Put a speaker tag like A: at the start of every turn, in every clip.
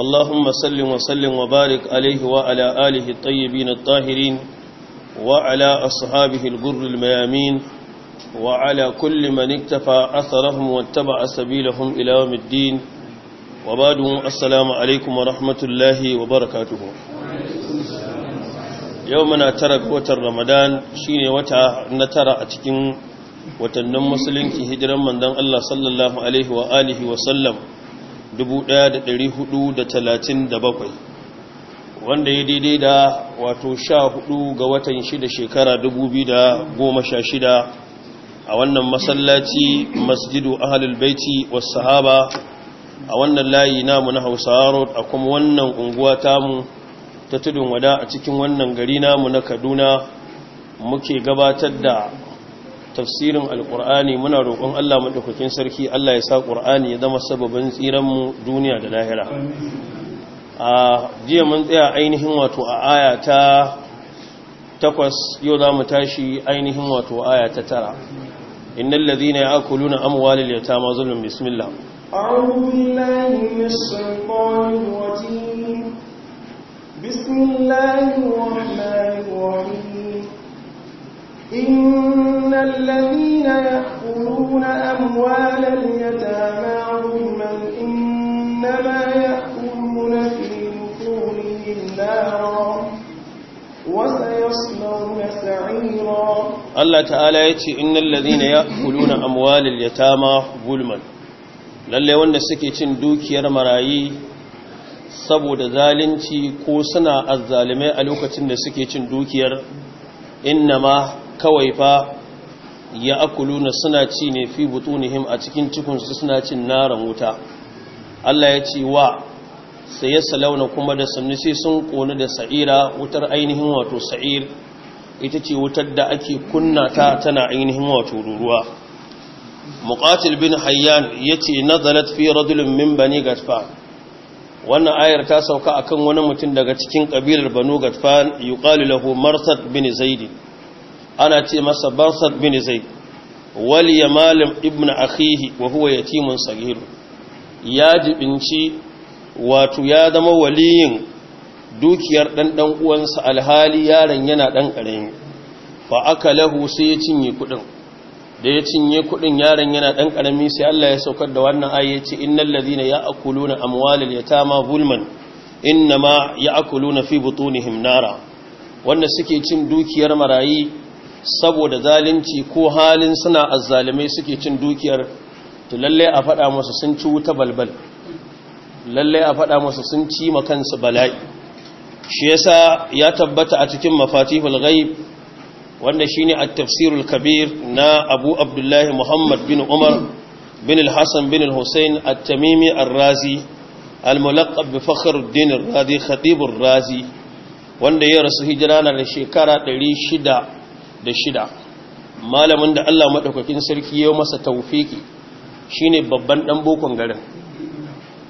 A: اللهم صل وسلم وبارك عليه وعلى آله الطيبين الطاهرين وعلى أصحابه الغر الميامين وعلى كل من اكتفى أثرهم واتبع سبيلهم إلى يوم الدين وبعد السلام عليكم ورحمة الله وبركاته يومنا ترك وتر رمضان شين وتا نترى أتكين وتنم مسلم في هجرا من دم الله صلى الله عليه وآله وسلم 1437 wanda ya daidai da wato 14 ga watan shida shekara 2016 a wannan masallaci masjidu ahalul baiti was sahaba a wannan layi namu na Hausawa road a kuma wannan unguwa tamu ta tudun wada a cikin wannan gari namu na Kaduna muke gabatar da tafsirin alkur'ani muna roƙon Allah maɗaukakin sarki Allah ya sa ƙur'ani ya zama sababin tsiranmu duniya da lahira a jiya mun tsaya ainihin wato a aya ta takwas yau za mu tashi ainihin wato aya ta tara innal ladhina ya'kuluna amwalal yatama zulmun bismillah a'udhu billahi minash shaitanir rajim bismillahir rahmanir rahim إن الذين يأكلون أموال اليتامى ظلما إنما يأكلون في بطونهم نارا وسيصلون سعيرا الله تعالى يتي إن الذين يأكلون أموال اليتامى ظلما lalle wanda suke cin dukiyar marayi saboda zalunci ko suna azzalume a lokacin da suke cin dukiyar innama kawai fa ya akuluna suna ci ne fi butunihim a cikin cikinsu suna cin naran wuta Allah ya ce wa sai ya salauna kuma da sannu sai sun ƙoni da sa'ira wutar ainihin wato sa'ir ita ce wutar da ake kunna ta tana ainihin wato ruruwa muqatil bin hayyan yace nazalat fi Radulun min bani gatfan wannan ayar ta sauka akan wani mutum daga cikin kabilar banu gatfan yuqalu lahu marsad bin zaidi ana ce masa bansad bin wali wal yamalum ibnu akhihi wa huwa yatimun sagir ya jibinci wato ya zama waliyin dukiyar dan dan uwansa alhali yaron yana dan karami fa akalahu sai ya cinye kudin da ya cinye kudin yaron yana ɗan karami sai Allah ya saukar da wannan ya ce innal ladhina ya'kuluna amwalal yatama zulman akulu na fi butunihim himnara, wanda suke cin dukiyar marayi saboda zalunci ko halin suna azzalumai suke cin dukiyar to lallai a faɗa musu sun ci wuta balbal lallai a faɗa musu sun ci makansu bala'i shi yasa ya tabbata a cikin mafatihul ghaib wanda shine at-tafsirul kabir na Abu Abdullah Muhammad bin Umar bin al-Hasan bin al-Husayn at-Tamimi ar-Razi al-mulaqab bi Fakhruddin ar-Razi khatib razi wanda ya rasu hijira na shekara 600 da shida malamin da Allah maɗaukakin sarki ya masa taufiki shine babban ɗan bokon garin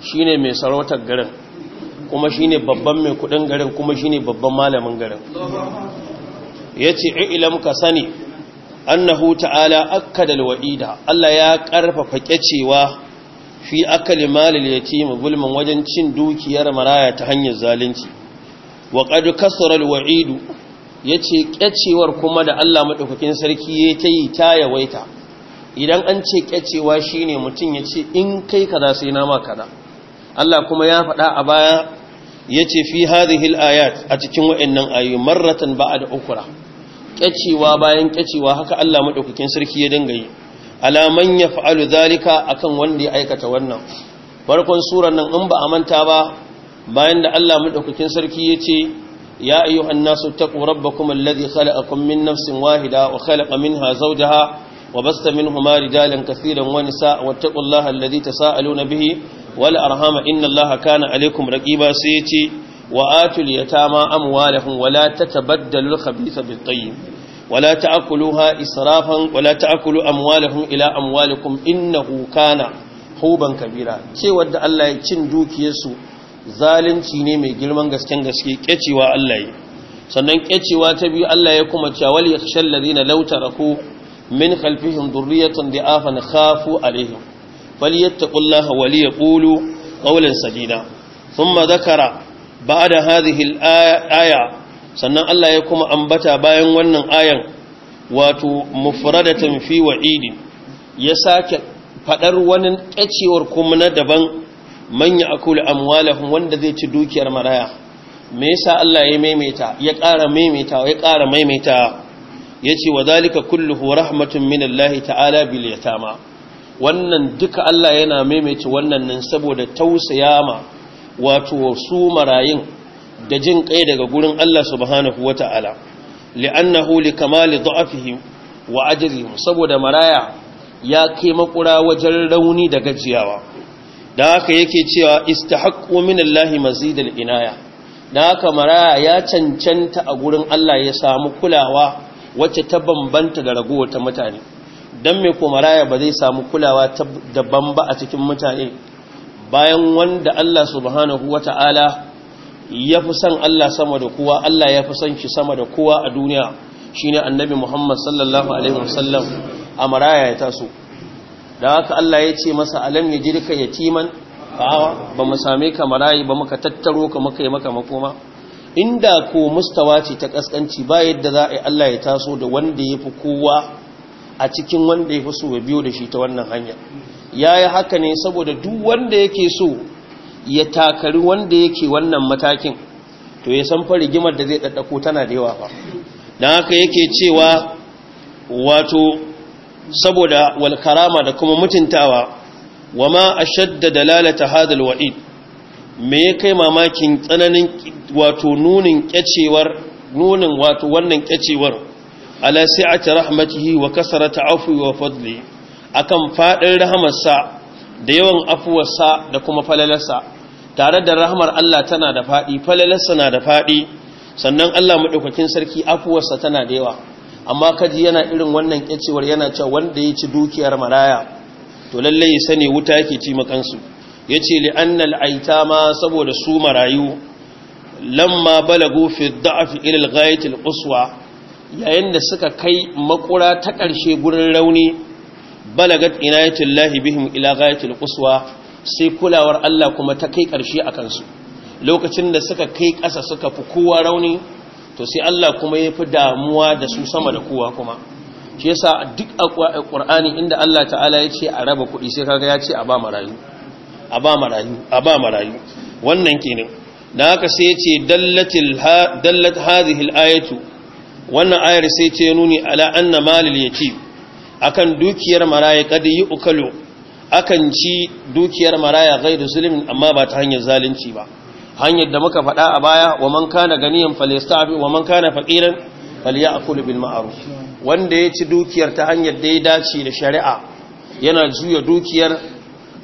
A: shine mai sarautar garin kuma shine babban mai kudin garin kuma shine babban malamin garin yace ilam ka sani annahu ta'ala akkada alwa'ida Allah ya karfafa kecewa fi akali malil yatim zulman wajen cin dukiyar maraya ta hanyar zalunci wa qad kasara alwa'idu ya ce ƙyacewar kuma da Allah maɗaukakin sarki ya ta yi ta yawaita idan an ce ƙyacewa shi ne mutum ya ce in kai kaza sai nama kaza Allah kuma ya faɗa a baya ya ce fi hadihil ayat a cikin wa'annan ayu marratan ba a da ukura ƙyacewa bayan ƙyacewa haka Allah maɗaukakin sarki ya dinga yi alaman ya fa'alu zalika akan wanda ya aikata wannan farkon surar nan in ba a manta ba bayan da Allah maɗaukakin sarki ya ce يا أيها الناس اتقوا ربكم الذي خلقكم من نفس واحدة وخلق منها زوجها وبست منهما رجالا كثيرا ونساء واتقوا الله الذي تساءلون به والأرهام إن الله كان عليكم رقيبا سيتي وآتوا اليتامى أموالهم ولا تتبدلوا الخبيث بالطيب ولا تأكلوها إسرافا ولا تأكلوا أموالهم إلى أموالكم إنه كان حوبا كبيرا شيء ود الله يتشن دوكي يسوء zalunci ne mai girman gasken gaske kecewa Allah yi sannan kecewa ta biyu Allah ya kuma cawal ya kashal ladina law taraku min khalfihim dhurriyatan da'afan khafu alaihim falyattaqullaha wa liyaqulu qawlan sadida thumma dhakara ba'da hadhihi al-aya sannan Allah ya kuma ambata bayan wannan ayan wato mufradatan fi wa'idi ya sake faɗar wani kecewar kuma na daban man ya akulu amwalahum wanda zai ci dukiyar maraya me yasa Allah ya maimaita ya ƙara maimaita ya ƙara maimaita yace wa zalika kulluhu rahmatun minallahi ta'ala bil yatama wannan duka Allah yana maimaita wannan nan saboda tausayama wato su marayin da jin kai daga gurin Allah subhanahu wata'ala li'annahu kamali da'afihim wa ajrihim saboda maraya ya kai makura wajen rauni da gajiyawa da haka yake cewa istahaqqu minallahi mazidal inaya da haka maraya ya cancanta a gurin Allah ya samu kulawa wacce ta bambanta da ragowar ta mutane dan me ko maraya ba zai samu kulawa ta daban ba a cikin mutane bayan wanda Allah subhanahu wataala ya fi son Allah sama da kowa Allah ya fi son shi sama da kowa a duniya shine annabi Muhammad sallallahu alaihi wasallam a maraya ya taso da haka Allah ya ce masa alam ya jirka ya fa'awa ba mu same ka marayi ba muka tattaro ka muka yi maka makoma inda ko mustawa ce ta kaskanci ba yadda za a Allah ya taso da wanda ya fi kowa a cikin wanda ya fi so ya biyo da shi ta wannan hanya ya yi haka ne saboda duk wanda yake so ya takari wanda yake wannan matakin to ya san rigimar da zai ɗaɗɗako tana da yawa fa don haka yake cewa wato saboda wal karama da kuma mutuntawa wa ma ashadda dalalata hadal wa'id me ya kai mamakin tsananin wato nunin kyacewar nunin wato wannan kyacewar ala si'ati rahmatihi wa kasarata afwi wa fadli akan fadin rahamarsa da yawan afuwarsa da kuma falalarsa tare da rahmar Allah tana da fadi falalarsa na da fadi sannan Allah madaukakin sarki afuwarsa tana da yawa amma kaji yana irin wannan kyacewar yana cewa wanda ya ci dukiyar maraya to lalle ya sani wuta yake ci makansu ya ce li'annal aitama saboda su marayu lamma balagu fi da'afi ilal al quswa yayin da suka kai makura ta ƙarshe gurin rauni balagat inayatul lahi bihim ila al quswa sai kulawar Allah kuma ta kai ƙarshe akan su lokacin da suka kai ƙasa suka fi kowa rauni to sai Allah kuma ya fi damuwa da su sama da kowa kuma shi yasa duk a ƙur'ani inda Allah ta'ala ya ce a raba kuɗi sai kaga ya ce a ba marayu a ba marayu a ba marayu wannan kenan dan haka sai ya ce dallat hadhihi al-ayatu wannan ayar sai ce nuni ala anna malil yatim akan dukiyar maraya kada yi ukalu akan ci dukiyar maraya ghairu zulmin amma ba ta hanyar zalunci ba hanyar da muka faɗa a baya wa man kana ganiyan falistafi wa man kana faqiran falyakul bil ma'ruf wanda ya ci dukiyar ta hanyar da ya dace da shari'a yana juya dukiyar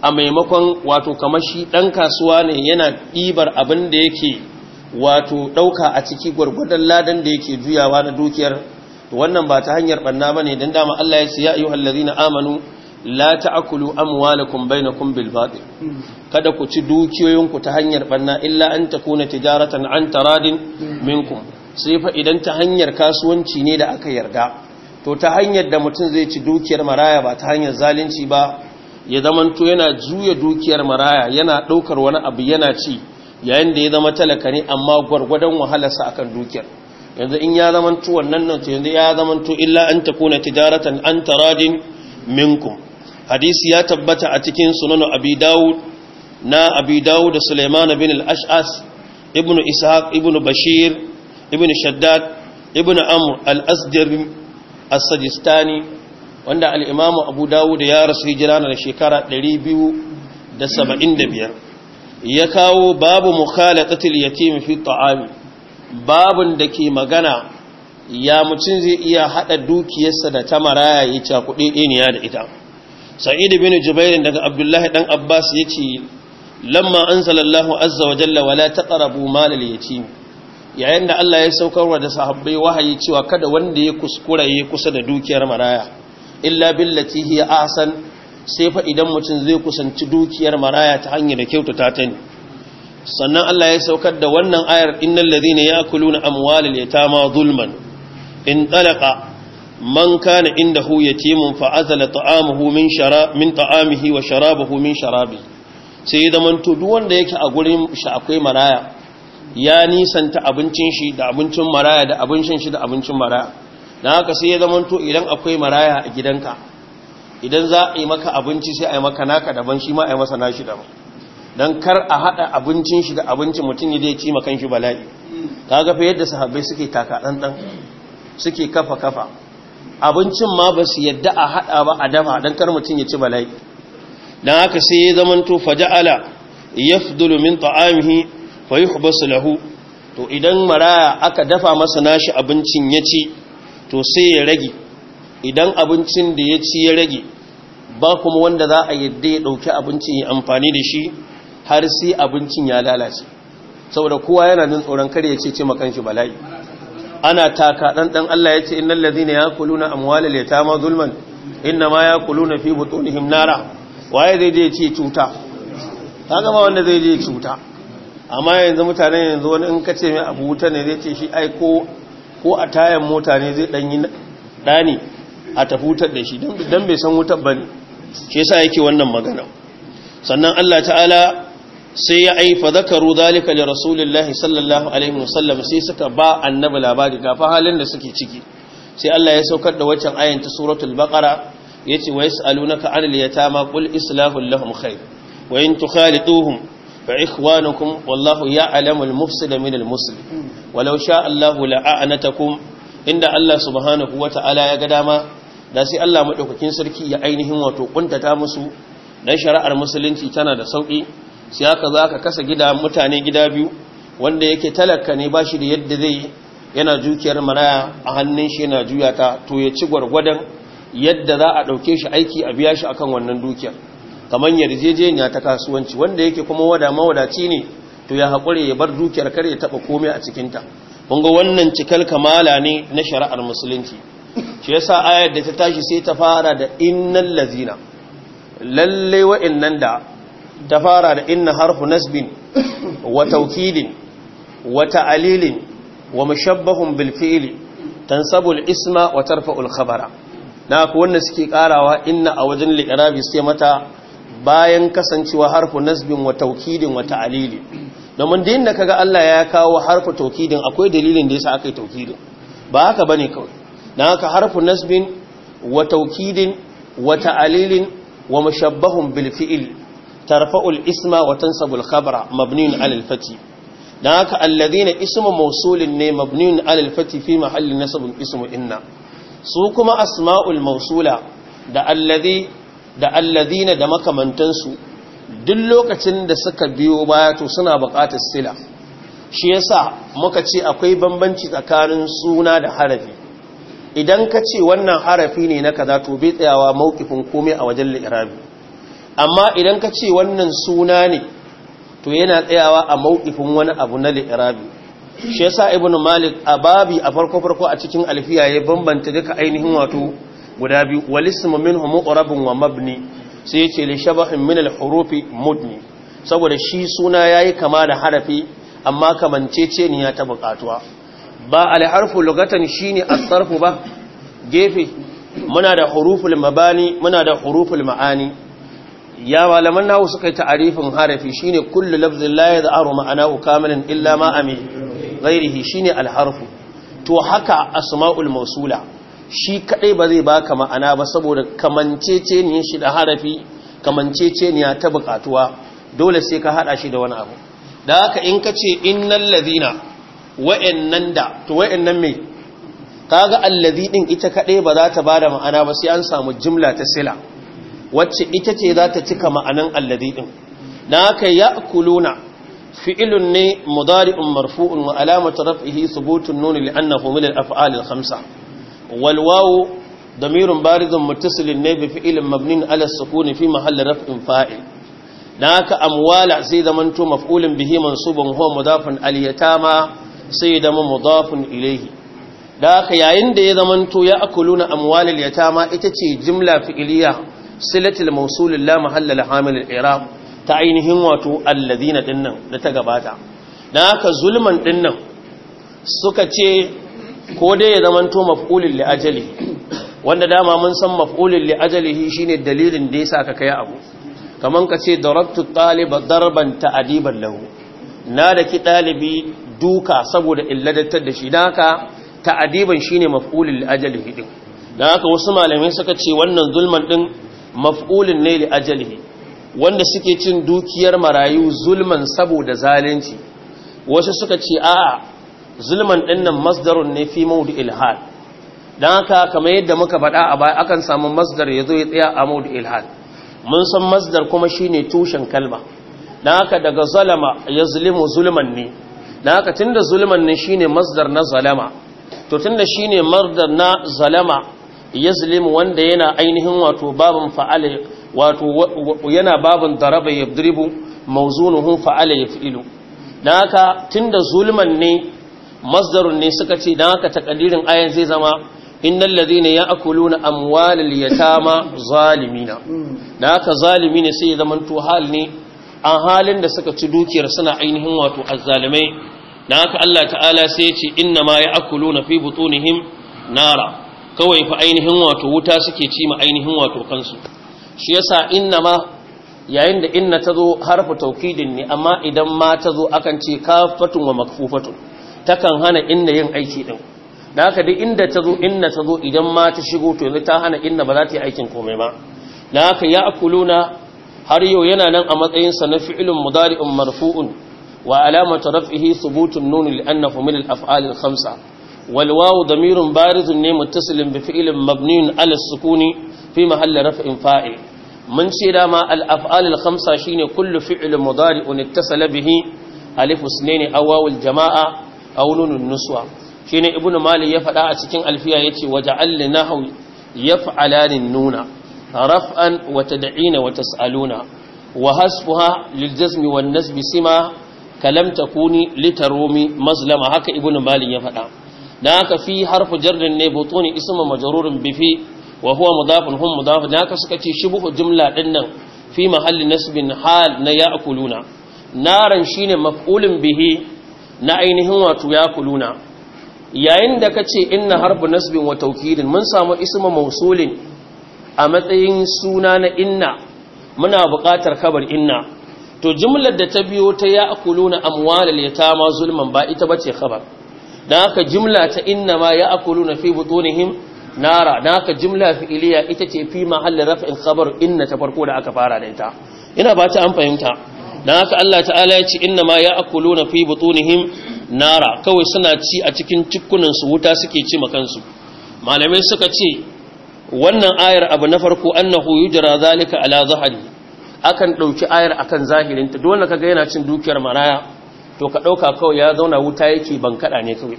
A: a maimakon wato kamar shi dan kasuwa ne yana ɗibar abin da yake wato ɗauka a ciki gwargwadon ladan da yake juyawa na dukiyar wannan ba ta hanyar banna bane dan dama Allah ya ce ya ayyuhallazina amanu la akulu amwalakum bainakum bil batil kada ku ci dukiyoyinku ta hanyar banna illa an takuna tijaratan an taradin minkum sai fa idan ta hanyar kasuwanci ne da aka yarda to ta hanyar da mutum zai ci dukiyar maraya ba ta hanyar zalunci ba ya zamanto yana juya dukiyar maraya yana daukar wani abu yana ci yayin da ya zama talaka ne amma gwargwadon wahalarsa akan dukiyar yanzu in ya zamanto wannan nan to yanzu ya zamanto illa an takuna tijaratan an taradin minkum hadisi ya tabbata a cikin sunan abi dawud na abi dawud da suleiman bin al-ash'as ibn ishaq ibn bashir ibn shaddad ibn amr al-asdari as-sajistani wanda al-imamu abu dawud ya rasu hijira na shekara 275 ya kawo babu mukhalatatil yatim fi at-ta'am babun da ke magana ya mutum zai iya hada dukiyarsa da ta maraya ya kuɗi, iniya da ita sa'id bin jubair daga abdullahi ɗan abbas ya ce lamma anzalallahu azza wa jalla wala taqrabu malal yatim yayin da Allah ya saukarwa da sahabbai wahayi cewa kada wanda ya kuskura ya kusa da dukiyar maraya illa billati hiya asan sai fa idan mutum zai kusanci dukiyar maraya ta hanyar da kyautata ta ne sannan Allah ya saukar da wannan ayar innal na ya'kuluna amwalal yatama zulman in talaqa man kana indahu yatimun fa azala ta'amuhu min sharab min ta'amihi wa sharabahu min sharabi sai da man to duk wanda yake a gurin shi akwai maraya ya nisanta abincin shi da abincin maraya da abincin shi da abincin maraya dan haka sai ya zaman to idan akwai maraya a gidanka idan za a yi maka abinci sai a yi maka naka daban shi ma a yi masa nashi daban dan kar a hada abincin shi da abincin mutum ya zai ci makan shi bala'i kaga fa yadda sahabbai suke taka dan dan suke kafa kafa abincin ma ba su yadda a haɗa ba a dafa don kar mutum ya ci bala'i don haka sai ya zama to faja'ala ya fudulu min ta'amihi fa yi lahu to idan maraya aka dafa masa nashi abincin ya ci to sai ya rage idan abincin da ya ci ya rage ba kuma wanda za a yadda ya ɗauki abincin ya amfani da shi har sai abincin ya lalace saboda kowa yana jin tsoron kar ya ce ce makanshi bala'i ana taka dan dan Allah yace innal ladina yakuluna amwalal yatama zulman innama yakuluna fi butunihim nara waye zai je ci cuta kaga ma wanda zai je cuta amma yanzu mutane yanzu wani in kace mai abu wuta ne zai ce shi ai ko ko a tayan mota ne zai danyi yi dani a tafi wutar da shi dan bai san wutar bane shi yasa yake wannan magana sannan Allah ta'ala sai ya ai fa zakaru zalika li rasulillah sallallahu alaihi wasallam sai suka ba annabi labari ga halin da suke ciki sai Allah ya saukar da waccan ayan ta suratul baqara yace wa yasalunaka anil yatama qul islahu lahum khair wa in tukhalituhum fa ikhwanukum wallahu ya'lamul mufsida minal muslim walau sha Allahu la'anatakum inda Allah subhanahu wata'ala ya ga dama da sai Allah madaukakin sarki ya ainihin wato kuntata musu dan shari'ar musulunci tana da sauki sai aka za ka kasa gida mutane gida biyu wanda yake talaka ne ba shi da yadda zai yana dukiyar maraya a hannun shi yana juya ta to ya ci gwargwadon yadda za a ɗauke shi aiki a biya shi akan wannan dukiyar kamar yarjejeniya ta kasuwanci wanda yake kuma wada mawadaci ne to ya haƙure ya bar dukiyar kar ya taɓa komai a cikinta Mun ga wannan cikal kamala ne na shari'ar musulunci shi yasa ayar da ta tashi sai ta fara da innal lazina lalle wa'annan da ta fara da inna harfu nasbin wa taukidin wa ta'alilin wa mushabbahun bil fi'li tansabu isma wa tarfa'ul khabara na ku wanda suke karawa inna a wajen liqrabi sai mata bayan kasancewa harfu nasbin wa taukidin wa ta'alilin domin din da kaga Allah ya kawo harfu taukidin akwai dalilin da yasa aka yi taukidin ba haka bane kawai na haka harfu nasbin wa taukidin wa ta'alilin wa mashabbahun bil tarfa'ul isma wa tansabul khabara mabniun alal fati dan haka alladhina ismu mawsulin ne mabniun alal fati fi mahalli inna su kuma asma'ul Mausula da alladhi da da makamantansu duk lokacin da suka biyo baya to suna buƙatar sila shi yasa muka ce akwai bambanci tsakanin suna da harafi idan ka ce wannan harafi ne na kaza to bai tsayawa mawqifin komai a wajen li'irabi amma idan ka ce wannan suna ne to yana tsayawa a mau'ifin wani abu na li'irabi shi yasa ibnu malik a babi a farko farko a cikin alfiya ya bambanta duka ainihin wato guda biyu walisma ismu minhu muqrabun wa mabni sai yace li shabahin min al hurufi mudni saboda shi suna ya yi kama da harafi amma kamancece ne ya ta bukatuwa ba al harfu lugatan shine a sarfu ba gefe muna da huruful mabani muna da huruful ma'ani ya malaman nahu suka yi ta'arifin harafi shine kullu lafzin la yadharu ma'anahu kamilan illa ma ami ghairihi shine alharfu to haka asma'ul mawsula shi kadai ba zai baka ma'ana ba saboda kamanceceniyin shi da harafi kamanceceniya ta bukatuwa dole sai ka hada shi da wani abu da haka in ka ce innal ladina wa'annan da to wa'annan me kaga allazi din ita kadai ba za ta bada ma'ana ba sai an samu jumla ta sila wacce ita ce za ta cika ma'anan alladhi din na haka ya'kuluna fi'ilun ne mudari'un marfu'un wa alamatu raf'ihi thubutun nun li'annahu min al-af'al al-khamsa wal wawu damirun barizun muttasilin ne bi fi'ilin mabnin ala sukuni fi mahalli raf'in fa'il na haka amwala sai zamanto maf'ulun bihi mansubun huwa mudafun al-yatama sai da mudafun ilayhi da haka yayin da ya zamanto ya akuluna amwalil yatama ita ce jimla fi'iliya Silatil mawsul la mahalla la hamil ta ainihin wato alladhina dinnan da ta gabata dan haka zulman dinnan suka ce ko dai ya zamanto maf'ulin liajali wanda dama mun san maf'ulin liajali shi ne dalilin da yasa ka kai abu Kamar ka ce darabtu taliba darban ta'diban lahu na da ki duka saboda illadattar da shi dan haka ta'diban shine maf'ulin li ajalihi din haka wasu malamai suka ce wannan zulman din maf'ulin ne li ajalihi wanda suke cin dukiyar marayu zulman saboda zalunci wasu suka ce a'a zulman dinnan masdarun ne fi Maudu ilhad dan haka kamar yadda muka faɗa a baya akan samu masdar ya zo ya tsaya a Maudu ilhad mun san masdar kuma shine tushen kalma dan haka daga zalama ya zulimu zulman ne dan haka tunda zulman ne shine masdar na zalama to tunda shine mardar na zalama yazlimu wanda yana ainihin wato babin fa'ala wato yana babin daraba yadribu mawzunuhu fa'ala yaf'ilu dan haka tunda zulman ne masdarun ne suka ce dan haka takadirin ayan zai zama innal ladhina ya'kuluna amwalal yatama zalimina dan haka zalimi ne sai ya zama to hal ne an halin da suka ci dukiyar suna ainihin wato azzalimai dan haka Allah ta'ala sai ya ce inna ma ya'kuluna fi butunihim nara kawai fa ainihin wato wuta suke ci ma ainihin wato kansu shi yasa inna ma yayin da inna ta zo harfa taukidin ne amma idan ma ta zo akan ce kafatun wa makfufatun takan hana inna yin aiki din da haka duk inda ta zo inna ta zo idan ma ta shigo to yanzu ta hana inna ba za ta yi aikin komai ba da haka ya akuluna har yau yana nan a matsayinsa na fi'ilun mudari'un marfu'un wa alamatu raf'ihi thubutun nun li annahu min al-af'al al-khamsa والواو ضمير بارز متصل بفعل مبني على السكون في محل رفع فاعل من شيدا ما الافعال الخمسه شين كل فعل مضارع اتصل به الف اثنين او واو الجماعه او نون النسوه شين ابن مالي يفدا a cikin alfiya yace waja'al nahu yaf'alan nuna raf'an wa tad'ina wa tas'aluna wa hasfuha liljazmi wan nasbi sima kalam takuni litaromi mazlama haka ibn mali ya faɗa dan haka fi harfu jarrin ne butuni ismu majrurun bi wa huwa mudafun hum mudaf dan haka suka ce shibhu jumla din nan fi mahalli nasbin hal na ya'kuluna naran shine maf'ulun bihi na ainihin wato ya'kuluna yayin da kace inna harfu nasbin wa tawkidin mun samu ismu mausulin a matsayin suna na inna muna buƙatar kabar inna to jumlar da ta biyo ta ya'kuluna amwalal yatama zulman ba ita bace khabar da haka jimla ta inna ma ya akulu na fi butunihim nara da haka jimla fi'iliya ita ce fi mahallin rafin khabar inna ta farko da aka fara da ita ina ba ta an fahimta da haka Allah ta'ala ya ce inna ma ya akulu na fi butunihim nara kawai suna ci a cikin tukunansu wuta suke ci makansu malamai suka ce wannan ayar abu na farko annahu yujra zalika ala zahari akan dauki ayar akan zahirinta dole kaga yana cin dukiyar maraya to ka ɗauka kawai ya zauna wuta yake ban kaɗa ne kawai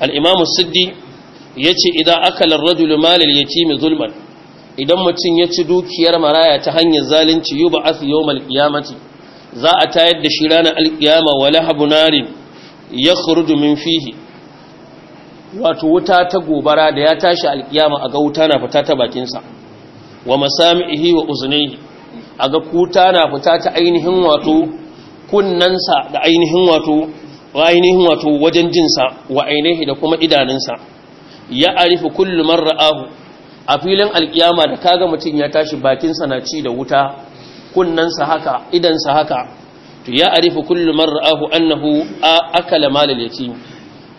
A: al'imamu siddi ya ce idan aka rajulu malil ya kimi zulman idan mutum ya ci dukiyar maraya ta hanyar zalunci yuba ba asu yau malkiyamati za a tayar da shi ranar alkiyama wa narin ya min fihi wato wuta ta gobara da ya tashi alkiyama a ga wuta na fita ta bakinsa wa masamihi wa uzunihi a ga kuta na fita ta ainihin wato kunnansa da ainihin wato ainihin wato wajen jinsa wa ainihi da kuma idanunsa ya arifu kullu man ra'ahu a filin alkiyama da kaga mutum ya tashi bakinsa na ci da wuta kunnansa haka idansa haka to ya arifu kullu man ra'ahu annahu akala malal yatim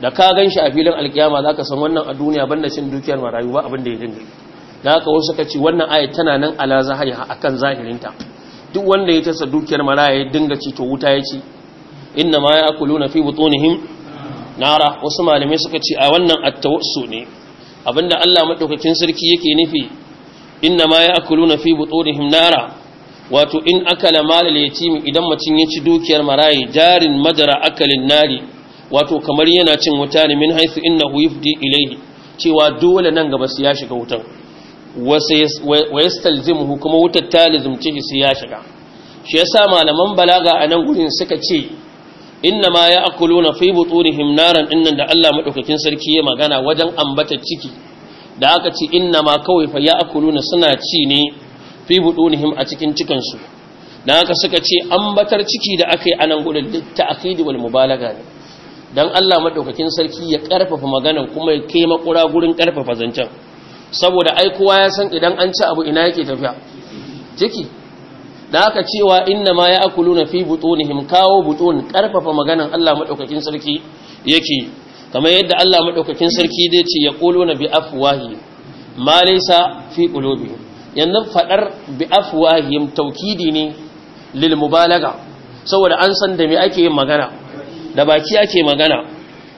A: da ka ganshi a filin alkiyama zaka san wannan a duniya banda cin dukiyar marayu ba abin da ya dinga da haka wasu kace wannan ayat tana nan ala zahiri akan zahirinta duk wanda ya tasa dukiyar maraya ya dinga ci to wuta ya ci inna ma na fi butunihim nara wasu malamai suka ce a wannan attawassu ne abinda Allah madaukakin sarki yake nufi inna ma na fi butunihim nara wato in akala malal yatim idan mutum ya ci dukiyar maraya jarin madara akalin nari wato kamar yana cin wuta ne min haythu innahu yufdi ilayhi cewa dole nan gaba su ya shiga wutan wa yastalzimuhu kuma wutar ta lizumci shi ya shiga shi yasa malaman balaga a nan gurin suka ce inna ma ya akuluna fi butunihim naran dinnan da Allah madaukakin sarki ya magana wajen ambata ciki da aka ce inna ma kawai fa ya akuluna suna ci ne fi butunihim a cikin cikan su dan haka suka ce ambatar ciki da akai a nan gurin duk ta'kidi wal mubalaga ne dan Allah madaukakin sarki ya karfafa maganan kuma ya kai makura gurin karfafa zancen saboda ai kowa ya san idan an ci abu ina yake tafiya ciki da aka cewa inna ma ya akulu na fi butunihim kawo butun karfafa maganan Allah madaukakin sarki yake kamar yadda Allah madaukakin sarki zai ce ya ƙulo na bi afwahi ma laysa fi qulubi yanzu faɗar bi afwahim taukidi ne lil mubalaga saboda an san da me ake yin magana da baki ake magana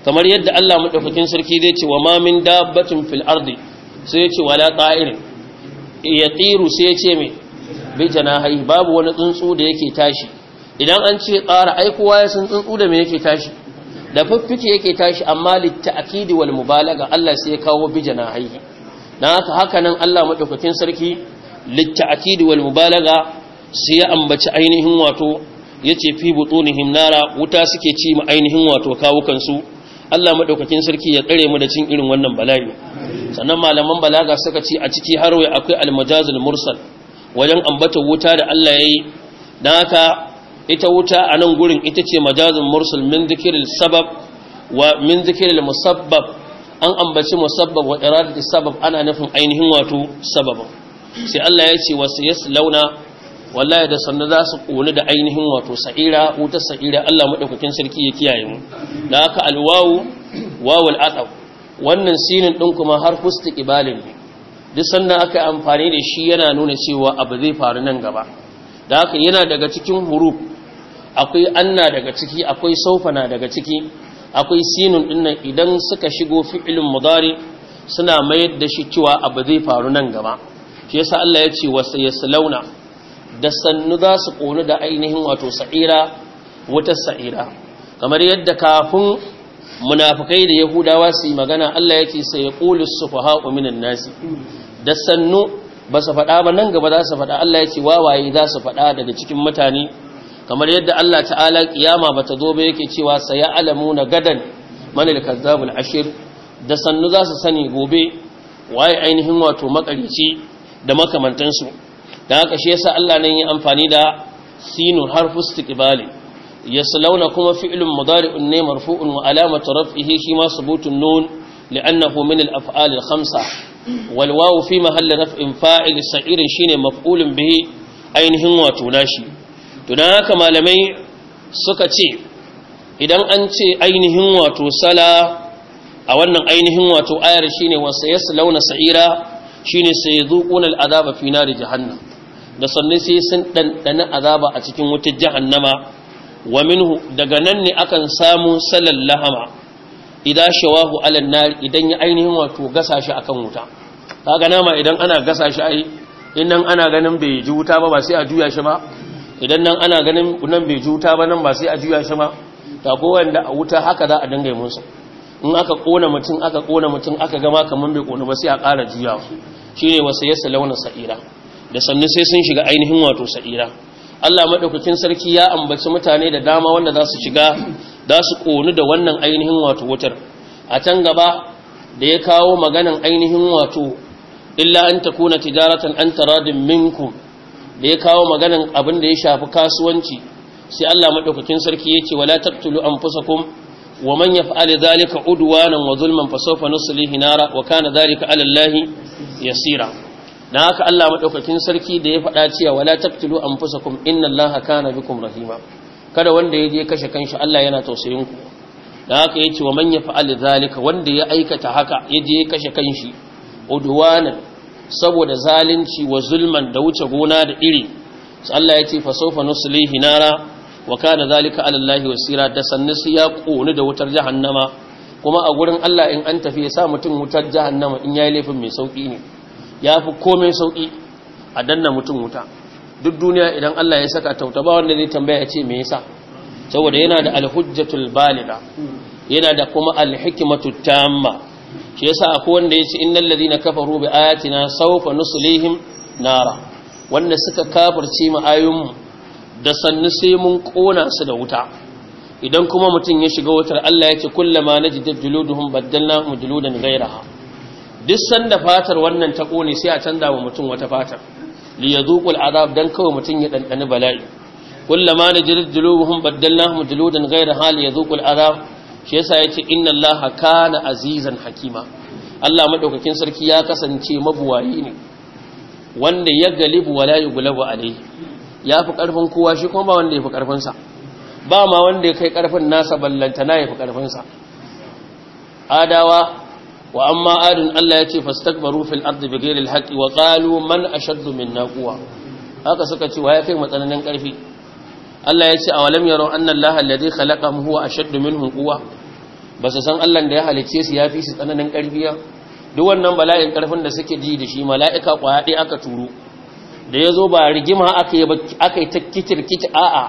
A: kamar yadda Allah madaukakin sarki zai ce wa ma min dabbatin fil ardi sai ce wala ta'ir ya tiru sai ya ce mai bai haihi babu wani tsuntsu da yake tashi idan an ce ƙara aikowa ya sun tsuntsu da mai yake tashi da fiffike yake tashi amma litta'akidi wal mubalaga Allah sai ya kawo bi na dan haka haka nan Allah madaukakin sarki litta'akidi wal mubalaga sai ya ambaci ainihin wato yace fi butunihim nara wuta suke ci ma ainihin wato kawukan su Allah madaukakin sarki ya tsare mu da cin irin wannan bala'i sannan malaman balaga suka ci a ciki har wai akwai almajazul mursal wajen ambata wuta da Allah yayi dan haka ita wuta a nan gurin ita ce majazul mursal min dhikril sabab wa min dhikril musabbab an ambaci musabbab wa iradatis sabab ana nufin ainihin wato sababin sai Allah ya ce wasu launa. wallahi da sanna za su ƙone da ainihin wato sa'ira wuta sa'ira Allah maɗaukakin sarki ya kiyaye mu da haka alwawu wawul atsaf wannan sinin ɗin kuma har fustu ibalin ne duk sannan aka amfani da shi yana nuna cewa abu zai faru nan gaba da haka yana daga cikin huruf akwai anna daga ciki akwai saufana daga ciki akwai sinin ɗinnan. nan idan suka shigo fi'ilin mudari suna mayar da shi cewa abu zai faru nan gaba shi yasa Allah ya ce wasu yaslauna da sannu za su ƙonu da ainihin wato sa'ira wutar sa'ira kamar yadda kafin munafukai da yahudawa su yi magana Allah ya ce sai ya ƙulu su faha minan nasi da sannu ba su faɗa ba nan gaba za su faɗa Allah ya ce wawaye za su faɗa daga cikin mutane kamar yadda Allah ta'ala ƙiyama ba ta zo ba yake cewa ya alamu na gadan manil kazzabul ashir da sannu za su sani gobe waye ainihin wato makarici da makamantansu da haka shi yasa Allah nan yi amfani da sinu harfu istiqbali yaslauna kuma fi'lun mudari'un ne marfu'un wa alamatu raf'ihi shi ma subutun nun li'annahu min al-af'al al-khamsa wal wawu fi mahalli raf'in fa'il sa'irin shine maf'ulun bihi ainihin wato nashi to dan haka malamai suka ce idan an ce ainihin wato sala a wannan ainihin wato ayar shine wasa yaslauna sa'ira shine sayzuquna al-adaba fi nari jahannam da sannan sai sun ɗanɗana azaba a cikin wutar jahannama wa minhu daga nan ne akan samu salal lahama idan shawahu alal nar idan ya ainihin wato gasa shi akan wuta kaga nama idan ana gasa shi ai in nan ana ganin bai ji wuta ba ba sai a juya shi ba idan nan ana ganin nan bai ji wuta ba nan ba sai a juya shi ba ta ko wanda a wuta haka za a dinga musu in aka kona mutum aka kona mutum aka gama kaman bai kona ba sai a ƙara juyawa shine wasu yasa launa sa'ira da sannu sai sun shiga ainihin wato sa'ira Allah madaukakin sarki ya ambaci mutane da dama wanda za su shiga za su konu da wannan ainihin wato wutar a can gaba da ya kawo maganan ainihin wato illa an takuna tijaratan an taradin minkum da ya kawo maganan abin da ya shafi kasuwanci sai Allah madaukakin sarki ya yace wala taqtulu anfusakum wa man yaf'al dhalika udwanan wa zulman fa sawfa nuslihi nara wa kana dhalika 'ala allahi yasira dan haka Allah madaukakin sarki da ya faɗa cewa wala taqtulu anfusakum innallaha kana bikum rahima kada wanda ya je kashe kanshi Allah yana tausayin ku dan haka yace wa man yaf'al zalika wanda ya aikata haka ya je kashe kanshi udwanan saboda zalunci wa zulman da wuce gona da iri Allah yace fa sawfa nuslihi nara wa kana zalika ala Allah wasira da sannisu ya kone da wutar jahannama kuma a gurin Allah in an tafi ya sa mutum wutar jahannama in yayi laifin mai sauki ne ya fi komai sauƙi a danna mutum wuta duk duniya idan Allah ya saka tauta ba wanda zai tambaya ya ce me yasa saboda yana da alhujjatul baliga yana da kuma alhikmatu tamma shi yasa akwai wanda yace innal ladina kafaru bi ayatina sawfa nuslihim nara wanda suka kafirce mu ayoyin da sannu sai mun kona su da wuta idan kuma mutum ya shiga wutar Allah yace kullama najidu juluduhum baddalnahum juludan ghayraha duk sanda fatar wannan ta kone sai a canza wa mutum wata fatar li yadhuqul azab dan kawai mutum ya dandani bala'i kullama najrid julubuhum baddalnahum juludan ghayra hal yadhuqul azab shi yasa yace inna allaha kana azizan hakima Allah madaukakin sarki ya kasance mabuwayi ne wanda ya galibu wala yughlabu alayhi ya fi karfin kowa shi kuma ba wanda ya fi karfin sa ba ma wanda ya kai karfin nasa ballantana ya fi karfin sa adawa wa amma adun Allah ya ce fastakbaru fil ardi bighayril haqqi wa qalu man ashaddu minna quwwa haka suka ce ya kai matsananin karfi Allah ya ce awalam yaro anna Allah alladhi khalaqahum huwa ashaddu minhum quwwa basu san Allah da ya halice su yafi su tsananin karfi duk wannan bala'in karfin da suke ji da shi mala'ika kwaya ɗaya aka turo da ya zo ba rigima aka yi aka yi ta a'a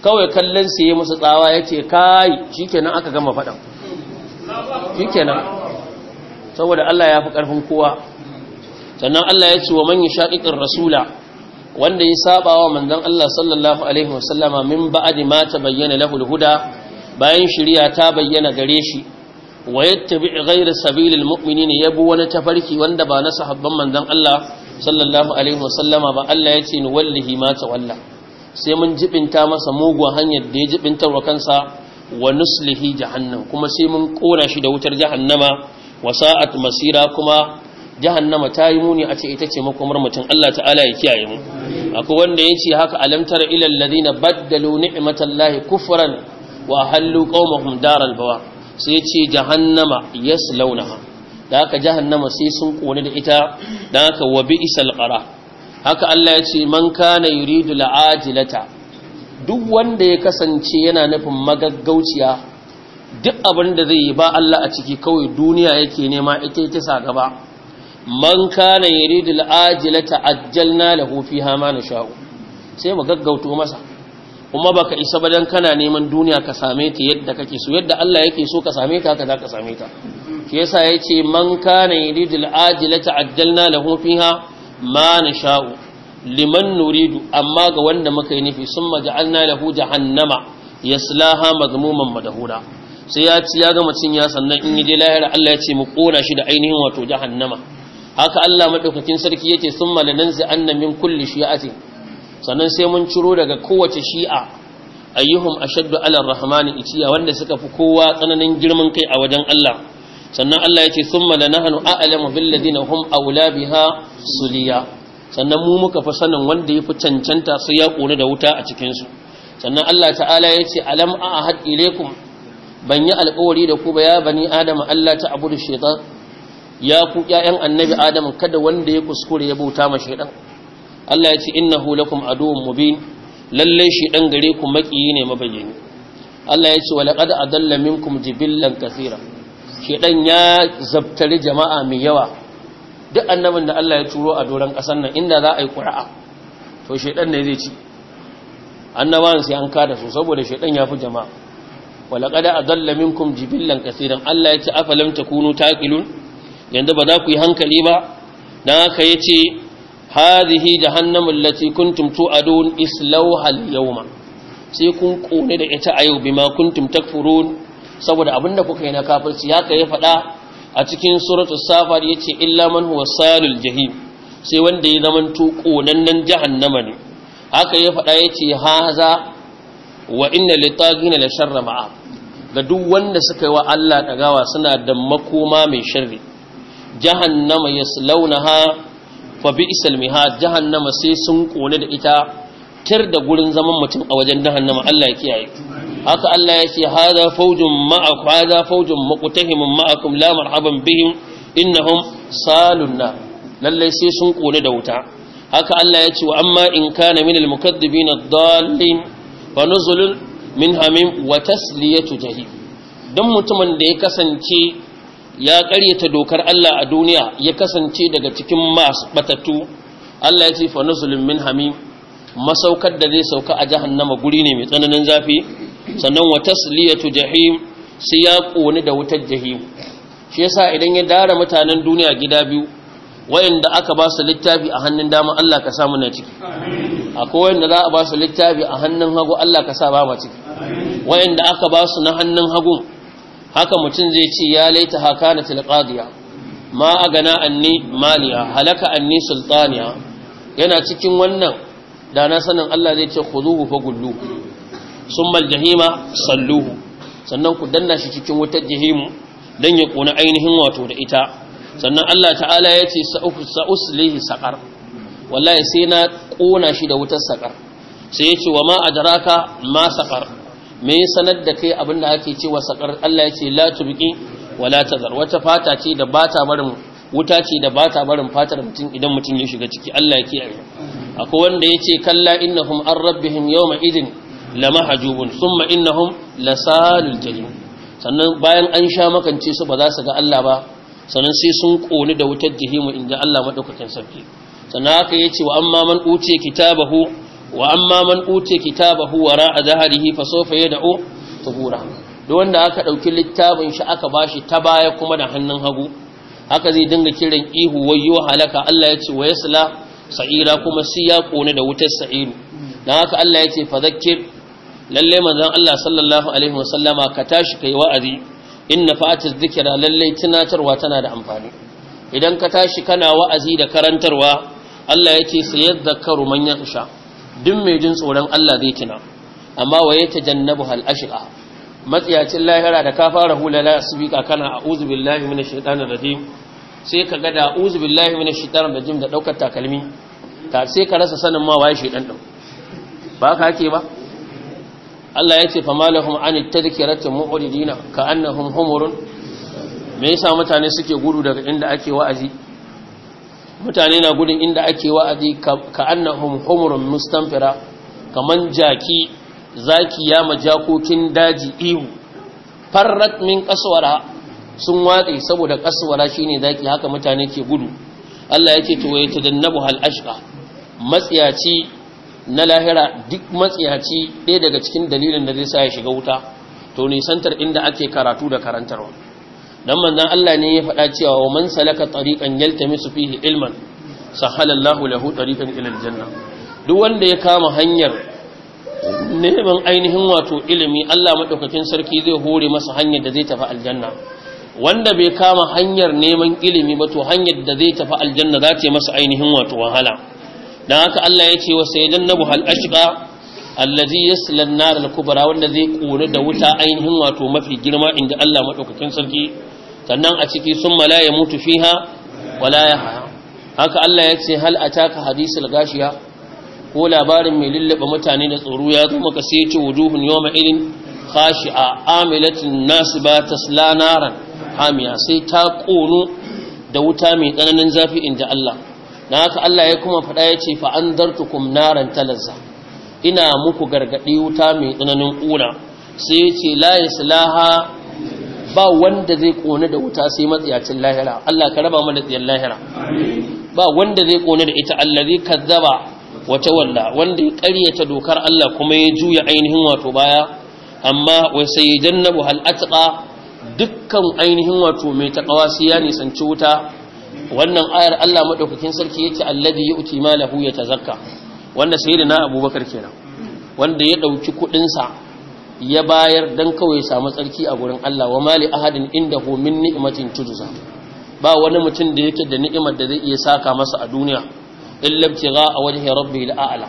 A: kawai kallon su yi musu tsawa ya kai shikenan aka gama faɗan shikenan saboda Allah ya fi ƙarfin kowa sannan Allah ya ce wa man yashaqiqir rasula wanda ya saba wa manzon Allah sallallahu alaihi wasallama min ba'di ma tabayyana lahu huda bayan shirya ta bayyana gare shi wa yattabi ghayra ne ya bi wani tafarki wanda ba na sahabban manzon Allah sallallahu alaihi wasallama ba Allah ya ce ni wallahi ma walla. sai mun jibinta masa mugun hanyar da ya jibinta wa kansa wa nuslihi jahannam kuma sai mun kona shi da wutar jahannama wasa'at masira kuma jahannama ta yi muni a ce ita ce makomar mutum Allah ta'ala ya kiyaye mu akwai wanda ya ce haka alamtar ilal ladina baddalu ni'matallahi kufran wa hallu qaumahum daral bawa sai ce jahannama yaslaunaha da haka jahannama sai sun kone da ita dan haka wa bi'sal qara haka Allah ya ce man kana yuridu la'ajilata duk wanda ya kasance yana nufin magaggauciya duk abin da zai yi ba Allah a ciki kawai duniya yake nema ita ita sa gaba man kana yuridul ajila ta'ajjalna lahu fiha ma nasha'u sai mu gaggauto masa kuma baka isa ba dan kana neman duniya ka same ta yadda kake so yadda Allah yake so ka same ta haka za ka same ta shi yasa yace man kana yuridul ajila ta'ajjalna lahu fiha ma nasha'u liman nuridu amma ga wanda muka yi nufi summa ja'alna lahu jahannama yaslaha madhmuman madhura sai ya ci ya gama cin ya sannan in yi je lahira Allah ya ce mu kona shi da ainihin wato nama. haka Allah madaukakin sarki yake sun malanan sai anna min kulli shi'ati sannan sai mun ciro daga kowace shi'a ayyuhum ashaddu ala rahmani itiya wanda suka fi kowa tsananin girman kai a wajen Allah sannan Allah ya ce sun malanahanu a'lamu bil ladina hum awla biha suliya sannan mu muka fi sanin wanda ya fi cancanta sai ya kone da wuta a cikin su sannan Allah ta'ala ya ce alam a'had ilaykum ban yi alƙawari da ku ba ya bani adam Allah ta abudu shaitan ya ku ƴaƴan annabi Adamu kada wanda ya kuskure ya bauta ma shaitan Allah ya ce innahu lakum aduwwun mubin lalle shaitan gare ku makiyi ne mabayyani Allah ya ce walaqad adalla minkum jibillan kaseera shaitan ya zabtari jama'a mai yawa duk annabin da Allah ya turo a doron ƙasar nan inda za a yi ƙura'a to shaidan ne zai ci annabawan sai an kada su saboda shaidan ya fi jama'a walaƙada a zallamin minkum jibillan kasiran Allah ya ce afalin ta kunu taƙilun yanzu ba za ku yi hankali ba don haka ya ce hazihi kun lati kuntum tu'adun islauhal yawma sai kun kone da ita a yau bima kuntum takfurun saboda abinda kuka yi na kafirci haka ya faɗa a cikin suratul safar yace illa man huwa salul jahim sai wanda ya zamanto konannen jahannama ne haka ya faɗa yace haza wa inna litagina la sharra ma'a ga duk wanda suka yi wa Allah dagawa suna da makoma mai sharri jahannama yaslaunaha fa bi'sal mihad jahannama sai sun kone da ita tar da gurin zaman mutum a wajen jahannama Allah ya kiyaye haka Allah ya ce hada faujun ma'akum hada faujun muqtahimun ma'akum la marhaban bihim innahum salun lalle sai sun kone da wuta haka Allah ya ce wa amma in kana minal mukaththibin ad-dallin fa nuzulun min hamim wa tasliyatu jahim dan mutumin da ya kasance ya karyata dokar Allah a duniya ya kasance daga cikin masu batatu Allah ya ce fa nuzulun min hamim masaukar da zai sauka a jahannama guri ne mai tsananin zafi sannan wa tasliyatu jahim sai ya kone da wutar jahim shi yasa idan ya dara mutanen duniya gida biyu wayanda aka ba su littafi a hannun dama Allah ka samu na ciki akwai wanda za a ba su littafi a hannun hagu Allah ka sa ba mace ciki wayanda aka ba su na hannun hagu haka mutum zai ce ya laita haka na tilqadiya ma agana anni maliya halaka anni sultaniya yana cikin wannan da na sanin Allah zai ce khuduhu fa gullu summa aljahima salluhu sannan ku danna shi cikin wutar jahimu dan ya kona ainihin wato da ita sannan Allah ta'ala ya ce sa'uslihi saqar wallahi sai na ƙona shi da wutar saƙar sai ya ce wa ma adraka ma saƙar me ya sanar da kai abin da ake cewa saƙar Allah ya ce la tubqi wa la tazar wata fata ce da bata barin wuta ce da bata barin fatar mutum idan mutum ya shiga ciki Allah ya kiyaye akwai wanda ya ce kalla innahum an rabbihim yawma idin lamahjubun thumma innahum lasalul jahim sannan bayan an sha makance su ba za su ga Allah ba sannan sai sun ƙoni da wutar in inda Allah maɗaukakin sarki sannan haka ya ce wa amma man uce kitabahu wa amma man uce kitabahu wa ra'a zaharihi fa sawfa ta tuhura da wanda aka ɗauki littafin shi aka bashi ta baya kuma da hannun hagu haka zai dinga kiran ihu wayyo halaka Allah ya ce wa yasla sa'ira kuma si ya ƙone da wutar sa'iru dan haka Allah ya ce fazakir lalle mazan Allah sallallahu alaihi wasallama ka tashi ka yi wa'azi inna fa'atiz dhikra lalle tunatarwa tana da amfani idan ka tashi kana wa'azi da karantarwa Allah ya ce da karu manyan usha duk mai jin tsoron Allah zai kina amma wa yatajannabu hal ashqa matsiyacin lahira da ka fara hula la asbika kana a'udhu billahi minash da rajim sai ka ga da a'udhu billahi minash rajim da daukar takalmi ta sai ka rasa sanin ma waye shaitan ba ka ke ba Allah ya ce fa malahum an tadhkiratu mu'ridina humurun me yasa mutane suke gudu daga inda ake wa'azi mutane na gudun inda ake wa'azi ka annahum humurun mustanfira kaman jaki zaki ya majakokin daji ihu farrat min kaswara sun watsi saboda kaswara shine zaki haka mutane ke gudu Allah yake to waye tadannabu hal ashqa matsiyaci na lahira duk matsiyaci ɗaya daga cikin dalilin da zai sa ya shiga wuta to nisantar inda ake karatu da karantarwa dan manzon Allah ne ya faɗa cewa wa man salaka tariqan yaltamisu fihi ilman sahalallahu lahu tariqan ila aljanna duk wanda ya kama hanyar neman ainihin wato ilimi Allah madaukakin sarki zai hore masa hanyar da zai tafi aljanna wanda bai kama hanyar neman ilimi ba to hanyar da zai tafi aljanna za ta masa ainihin wato wahala dan haka Allah ya ce wa sayyidannabu hal ashqa allazi yasla nar al-kubra wanda zai kore da wuta ainihin wato mafi girma inda Allah madaukakin sarki sannan a ciki sun mala ya mutu fiha wala ya haya haka Allah ya ce hal ataka hadisul gashiya ko labarin mai lullaba mutane da tsoro ya zama ka sai ya yoma irin kashi a khashi'a amilatin ba ta naran hamiya sai ta kono da wuta mai tsananin zafi inda Allah na haka Allah ya kuma faɗa ya ce fa tukum naran talazza ina muku gargaɗi wuta mai tsananin ƙuna sai ya ce la yaslaha ba wanda zai kone da wuta sai matsiyacin lahira Allah ka raba mana tsiyar lahira ba wanda zai kone da ita allazi kazzaba wata walla. wanda ya ƙaryata dokar Allah kuma ya juya ainihin wato baya amma wa sayyidannabu hal atqa dukkan ainihin wato mai takawa sai ya nisanci wuta wannan ayar Allah madaukakin sarki yace allazi yu'ti malahu yatazakka wanda sayyidina abubakar kenan wanda ya dauki kudin sa ya bayar don kawai ya samu tsarki a gurin Allah wa mali ahadin inda homin ni'imacin tujza ba wani mutum da yake da ni'imar da zai iya saka masa a duniya illa ibtigha wajhi rabbil a'la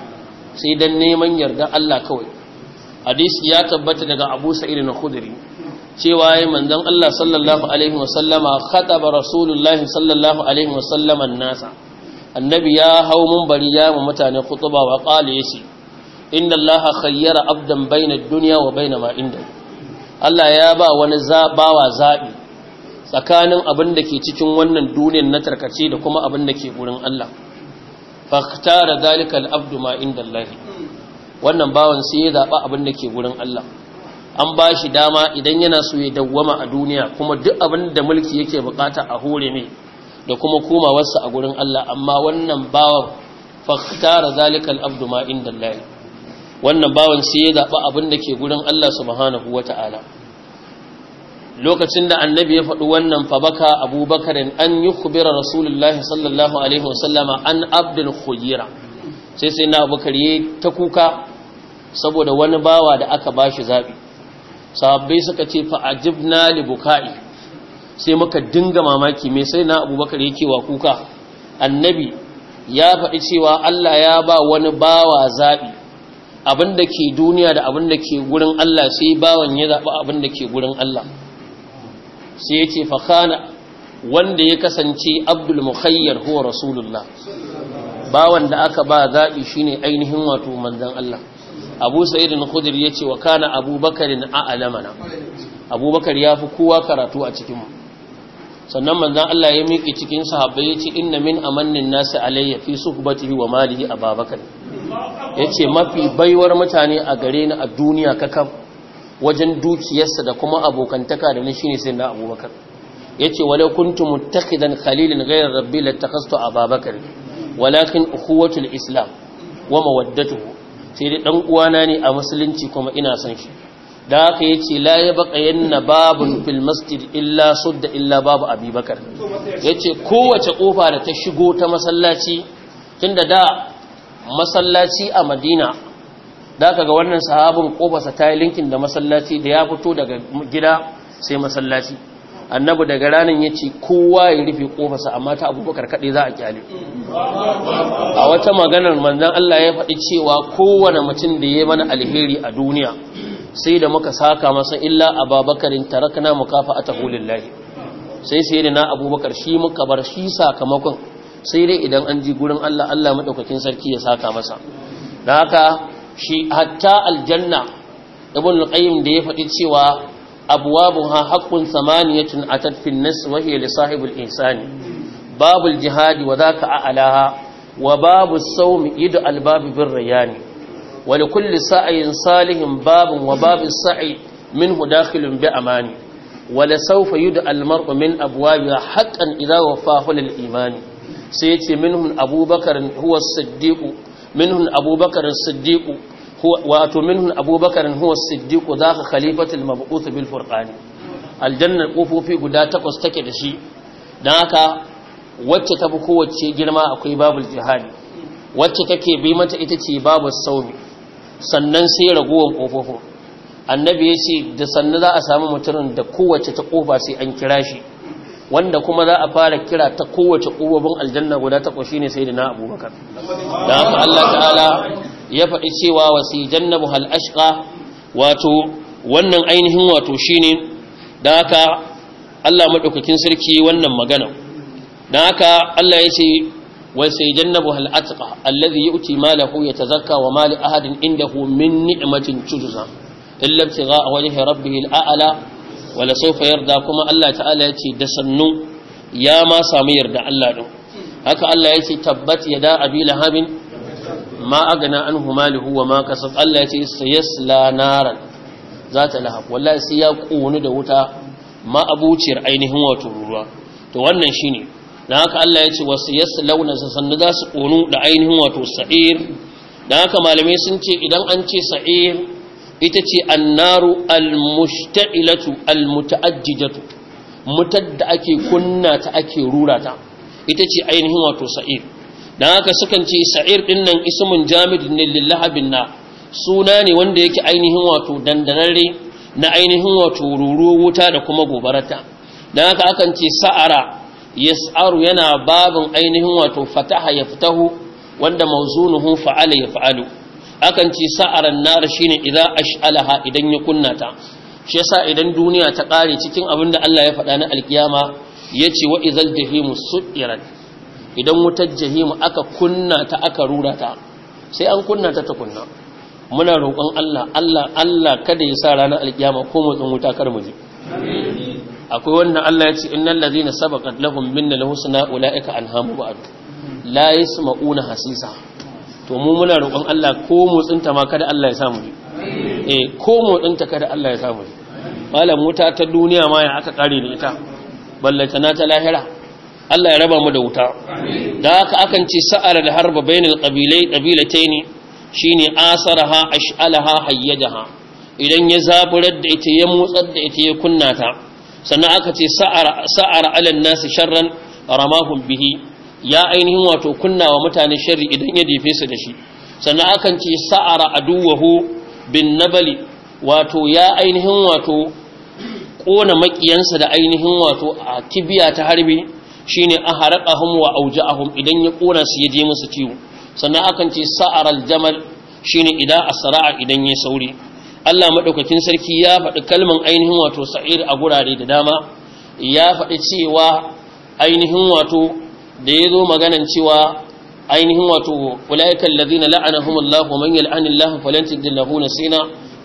A: sai dan neman Yarda Allah kawai hadisi ya tabbata daga Abu Sa'id na khudri cewa yayin manzon Allah sallallahu alaihi wasallama khataba rasulullahi sallallahu alaihi wasallama an-nasa annabi ya hau bari ya mu mutane khutuba wa qala yace inna allaha khayyara abdan baina dunya wa baina ma inda Allah ya ba wani zabawa zabi tsakanin abin da ke cikin wannan duniyar na tarkace da kuma abin da ke gurin Allah fakhtara zalika al-abdu ma inda Allah wannan bawan sai ya zaba abin da ke gurin Allah an ba shi dama idan yana so ya dawwama a duniya kuma duk abin da mulki yake bukata a hore ne da kuma komawarsa a gurin Allah amma wannan bawan fakhtara zalika al-abdu ma inda Allah wannan bawan sai ya zaɓi abin da ke gurin Allah subhanahu wa ta'ala lokacin da annabi ya faɗi wannan fabaka abubakarin an yi kubira rasulullahi sallallahu alaihi wasallama an abdul khujira sai sai na abubakar ya ta kuka saboda wani bawa da aka ba shi zaɓi sahabbai suka ce fa'ajib na libuka'i sai muka dinga mamaki mai sai na abubakar yake wa kuka annabi ya faɗi cewa Allah ya ba wani bawa zaɓi abin da ke duniya da abin da ke gurin Allah sai bawan ya zaɓi abin da ke gurin Allah sai ya ce fakana wanda ya kasance abdul muhayyar huwa rasulullah bawan da aka ba zaɓi shine ainihin wato manzan Allah abu sa'idin Khudir ya ce wa kana abubakarin a alamana abubakar ya fi kowa karatu a cikinmu sannan manzan Allah ya miƙe cikin sahabbai ya ce inna min amannin nasu alayya fi suhbatihi wa malihi a babakar ya ce mafi baiwar mutane a gare ni a duniya kakaf wajen dukiyarsa da kuma abokantaka da ni shine sai na abubakar ya ce wala kuntu muttakidan khalilin gairar rabbi lattakastu a babakar walakin ukuwatul islam wa mawaddatuhu sai dai dan uwana ne a musulunci kuma ina son shi da aka yi ce la ya baka yanna babun fil masjid illa sudda illa babu abubakar ya ce kowace kofa da ta shigo ta masallaci tun da da masallaci a madina da aka ga wannan sahabin kofasa ta yi linkin da masallaci da ya fito daga gida sai masallaci annabu daga ranar ya ce kowa ya rufe kofasa amma ta abubakar kaɗai za a kyale a wata maganar manzan allah ya faɗi cewa kowane mutum da ya yi mana alheri a duniya sai da muka saka masa illa ababakarin tarakna mukafa'ata hulillahi sai sai da na abubakar shi muka bar shi sakamakon sai dai idan an ji gurin Allah Allah madaukakin sarki ya saka masa dan haka shi hatta aljanna ibn al-qayyim da ya faɗi cewa abwabuha haqqun samaniyatun atat fi an-nas wa hiya li sahibul insani babul jihadi wa dhaka a'laha wa babu sawmi idu al-bab bir wa li kulli sa'in salihin babun wa babu sa'i minhu da bi amani wa la sawfa yud'a al mar'u min abwabiha haqqan idha wafahu lil imani sai yace minhum abubakar huwa as-siddiq abubakar as wato minhum abubakar huwa as-siddiq dhaka khalifatul mab'uth bil furqan guda takwas take da shi don haka wacce ta fi kowace girma akwai babul jihadi wacce take bi mata ita ce babu saumi sannan sai ragowar ƙofofin annabi ya ce da sannan za a sami mutumin da kowace ta kofa sai an kira shi wanda kuma za a fara kira ta kowace ƙofofin aljanna guda takwas ne sai da na abubakar da haka allah ta'ala ya faɗi cewa wasi janna hal wato wannan ainihin wato shi ne, da haka allah maɗaukakin sarki wannan magana da haka allah ya ce wasu jannabu al’atuka allazi yi uti malahu ya ta zarka wa mali ahadin inda hu min ni'imacin cutuza illabci za a wajen rabbi al’a’ala wala sau da kuma allah ta’ala ya ce da sannu ya ma samu yarda allah ɗin haka allah ya ce tabbat ya da abi lahamin ma agana an hu malahu wa ma allah ya ce sa yas la ta lahab wallahi sai ya ƙone da wuta ma abuciyar ainihin wato ruwa wannan shine da haka Allah ya ce wasu yaslauna sannu za su ƙonu da ainihin wato sa'ir da haka malamai sun ce idan an ce sa'ir ita ce annaru al almuta'ajjijatu mutar da ake kunna ta ake rura ta ita ce ainihin wato sa'ir da haka sukan ce sa'ir din nan ismun jamid ne lillahabin na suna ne wanda yake ainihin wato dandanare na ainihin wato ruru wuta da kuma gobarata da haka akan ce sa'ara yas'aru yana babin ainihin wato fataha ya fitahu wanda mawzunuhu fa'ala ya fa'alu akan ci sa'aran nar shine idan ash'alaha idan ya kunnata. ta shi yasa idan duniya ta kare cikin abin da Allah ya faɗa na alkiyama yace wa idzal jahim su'irat idan wutar jahim aka kunna ta aka rura sai an kunna ta ta kunna muna roƙon Allah Allah Allah kada ya sa ranar alkiyama ko mutsin wuta kar mu je amin akwai wannan Allah ya ce innal ladhina sabaqat lahum minna lahusna ulaika anhamu ba'd la yasma'una hasisa to mu muna roƙon Allah ko motsin ta ma kada Allah ya samu eh ko motsin ta kada Allah ya samu malam wuta ta duniya ma ya aka kare ni ita ballata na ta lahira Allah ya raba mu da wuta da haka akan ce sa'ar da harba bainal qabilai qabilataini shine asaraha ash'alaha hayyadaha idan ya zaburar da ita ya motsar da ita ya kunna ta sannan aka ce sa'ar alal nasu sharran ramahun bihi ya ainihin wato kunnawa mutane sharri idan ya jefe su da shi sannan akan ce sa'ar aduwahu bin nabali wato ya ainihin wato kona makiyansa da ainihin wato a kibiya ta harbi shine a haraqahum wa auja'ahum idan ya kona su ya je musu ciwo sannan akan ce sa'aral jamal shine idan asra'a idan ya sauri Allah maɗaukakin sarki ya faɗi kalman ainihin wato sa'ir a gurare da dama ya faɗi cewa ainihin wato da ya zo maganan cewa ainihin wato ulaiikal ladina la'anahumullahu man yal'anillahu falan tadillahu da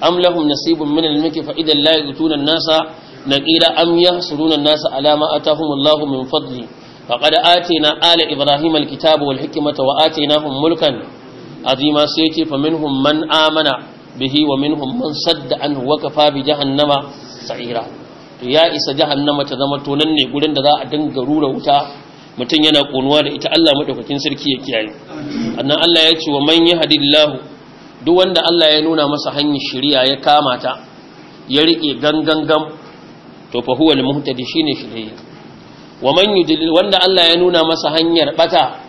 A: am lahum nasibun min al nasibin fa idan fa'idan yutuna an-nasa naqila am yahsuruna an-nasa ala ma atahumullahu min fadli faqad atina ala ibrahim al wal hikmata wa atinahum mulkan azima sayti faminhum man amana bihi wa minhum man sadda an wa kafa bi jahannama sa'ira to ya isa jahannama ta zama to ne gurin da za a dinga rura wuta mutum yana konuwa da ita Allah madaukakin sarki ya kiyaye annan Allah ya ce wa man yahdillahu duk wanda Allah ya nuna masa hanyar shari'a ya kama ta ya rike gangangam to fa huwa al-muhtadi shine shirye wa man yudlil wanda Allah ya nuna masa hanyar bata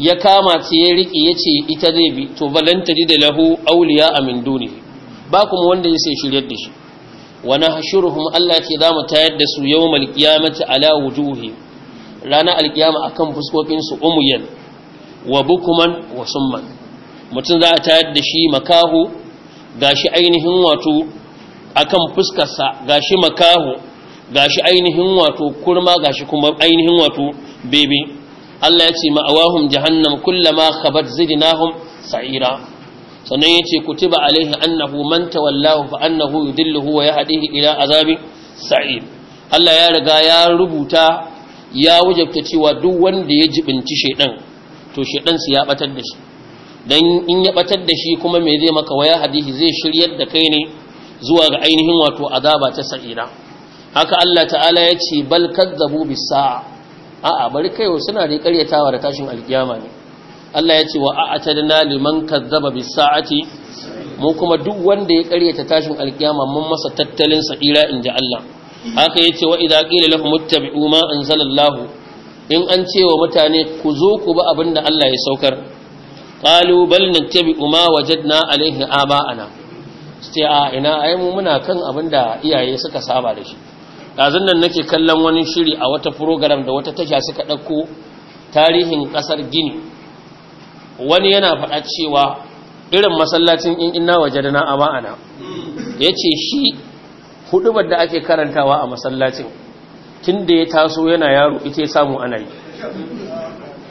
A: ya kama ta ya riƙe ya ce ita zai bi to balanta ji da lahu auliya a min duni ba kuma wanda ya sai shiryar da shi wani hashuruhum Allah ce za mu tayar da su yau malkiyamata ala wujuhi rana alkiyama a kan fuskokinsu umuyan wa bukuman wa summan mutum za a tayar da shi makahu gashi ainihin wato akan fuskarsa gashi makahu gashi ainihin wato kurma gashi kuma ainihin wato bebe Allah ya ce ma'awahum jahannam kullama khabat zidnahum sa'ira sannan ya ce kutiba alaihi annahu man tawallahu fa annahu yudilluhu wa yahdihi ila azabi sa'ir Allah ya riga ya rubuta ya wajabta cewa duk wanda ya jibinci shedan to shedan su ya batar da shi dan in ya batar da shi kuma me zai maka waya hadihi zai shiryar da kai ne zuwa ga ainihin wato azaba ta sa'ira haka Allah ta'ala ya ce bal kadzabu bis sa'a a'a bari kaiwa suna da karyatawa da tashin alƙiyama ne Allah ya ce wa a'atadna liman kazzaba bis ce, mu kuma duk wanda ya karyata tashin alƙiyama mun masa tattalin sa ira ji Allah haka yace wa idza qila lahum Umar ma anzalallahu in an ce wa mutane ku zo ku ba da Allah ya saukar qalu bal nattabi'u ma wajadna alaihi aba'ana sai a ina ai mu muna kan abinda iyaye suka saba da shi ɗazun nan nake kallon wani shiri a wata program da wata tasha suka ɗauko tarihin kasar gini wani yana faɗa cewa irin masallacin in ina waje da na ama'ana ya shi hudubar da ake karantawa a masallacin tun da ya taso yana yaro ita ya samu ana yi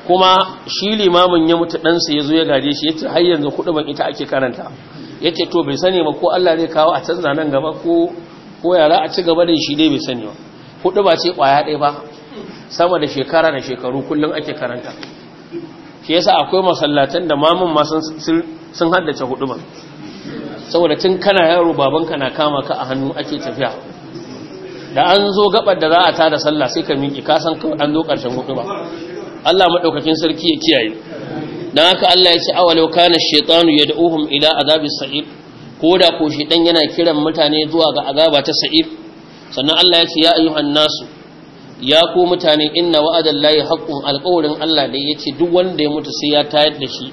A: kuma shi limamin ya mutu ɗansa ya zo ya gaje shi ya har yanzu hudubar ita ake karanta yace to bai sani ba ko allah zai kawo a canza nan gaba ko ko yara a ci gaba da shi dai bai sani ba hudu ba ce kwaya ɗaya ba sama da shekara da shekaru kullum ake karanta shi yasa akwai masallatan da mamun ma sun haddace hudu ba saboda tun kana yaro babanka na kama ka a hannu ake tafiya da an zo gabar da za a tada sallah sai ka miƙi ka san an zo ƙarshen hudu ba Allah madaukakin sarki ya kiyaye dan haka Allah ya ce awalau kana shaytanu yad'uhum ila azabis sa'i. ko da ko shi dan yana kiran mutane zuwa ga azaba ta sa'ir sannan Allah ya ce ya ayyuhan nasu ya ku mutane inna wa'adallahi haqqun alqawlin Allah da yace duk wanda ya mutu sai ya tayar da shi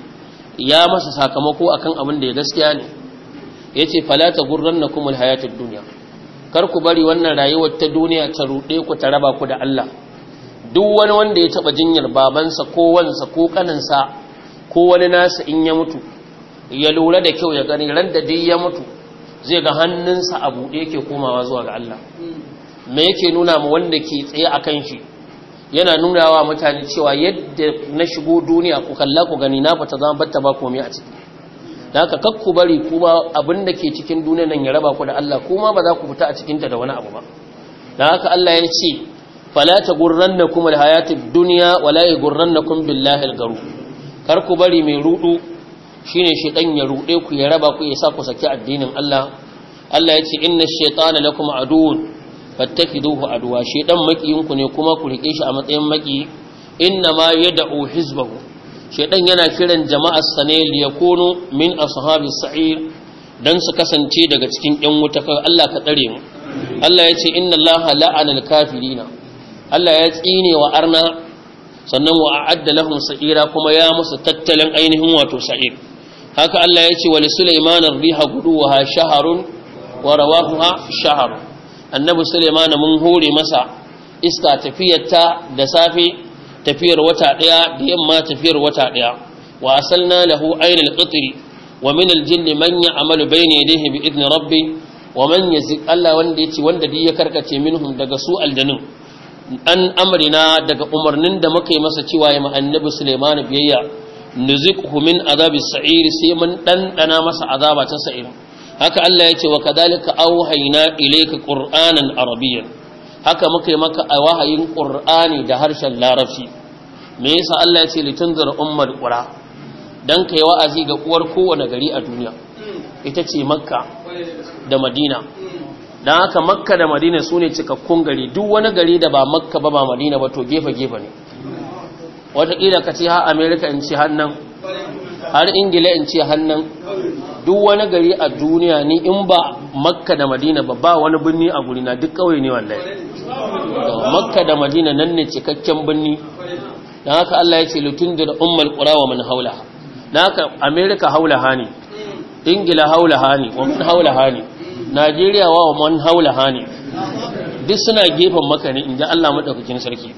A: ya masa sakamako akan abin da ya gaskiya ne yace fala tagurrannakum alhayatid dunya kar ku bari wannan rayuwar ta duniya ta rude ku ta raba ku da Allah duk wani wanda ya taba jinyar babansa ko wansa ko kaninsa ko wani nasa in ya mutu ya lura da kyau ya gani ran da dai ya mutu zai ga hannunsa a buɗe yake komawa zuwa ga Allah me yake nuna mu wanda ke tsaye akan shi yana nuna wa mutane cewa yadda na shigo duniya ku kalla ku gani na fata zama batta ba komai a ciki da haka kakku bari ku ba abin da ke cikin duniya nan ya raba ku da Allah kuma ba za ku fita a cikin ta da wani abu ba da haka Allah ya ce fala da alhayatid dunya wala yagurrannakum billahi algaru kar ku bari mai rudu shine ɗan ya rude ku ya raba ku ya sa ku saki addinin Allah Allah ya ce inna shaytana lakum aduwwun fattakiduhu aduwa shedan Shaiɗan makiyinku ne kuma ku rike shi a matsayin maki inna ma yad'u hizbahu Shaiɗan yana kiran jama'ar sa ne liyakunu min ashabi sa'ir dan su kasance daga cikin yan wuta fa Allah ka tsare mu Allah ya ce inna Allah la'anal kafirina Allah ya tsine wa arna sannan wa a'adda lahum sa'ira kuma ya musu tattalin ainihin wato sa'ir haka Allah ya ce wa Sulaiman ar-riha guduha shahrun wa rawahuha annabi Sulaiman mun hore masa iska tafiyarta da safe tafiyar wata daya da yamma tafiyar wata daya wa asalna lahu aynal qitri wa min al-jinn man ya'malu bayna yadayhi bi idni rabbi wa man yazik Allah wanda yace wanda duk ya karkace minhum daga su aljanun an amrina daga umarnin da muka yi masa cewa ya annabi Sulaiman biyayya nuziqhu min azabi sa'iri sai mun dandana masa azaba ta sa'iri haka Allah ya ce wa kadhalika auhayna ilayka qur'anan arabiyyan haka muka yi maka wahayin qur'ani da harshen larabci me yasa Allah ya ce litunzir ummal qura dan kai wa'azi ga uwar kowane gari a duniya ita ce makka da madina dan haka makka da madina sune cikakkun gari duk wani gari da ba makka ba ba madina ba to gefe gefe ne watakila ka ce ha amerika in ce hannan har ingila in ce hannan duk wani gari a duniya ni in ba makka da madina ba ba wani birni a gurina duk kawai ne wallahi makka da madina nan ne cikakken birni don haka allah ya ce lutun da ummal kura wa man haula don haka america haula hani ingila haula hani wa man haula hani najeriya wa man haula hani duk suna gefen maka ne in ji allah maɗaukakin sarki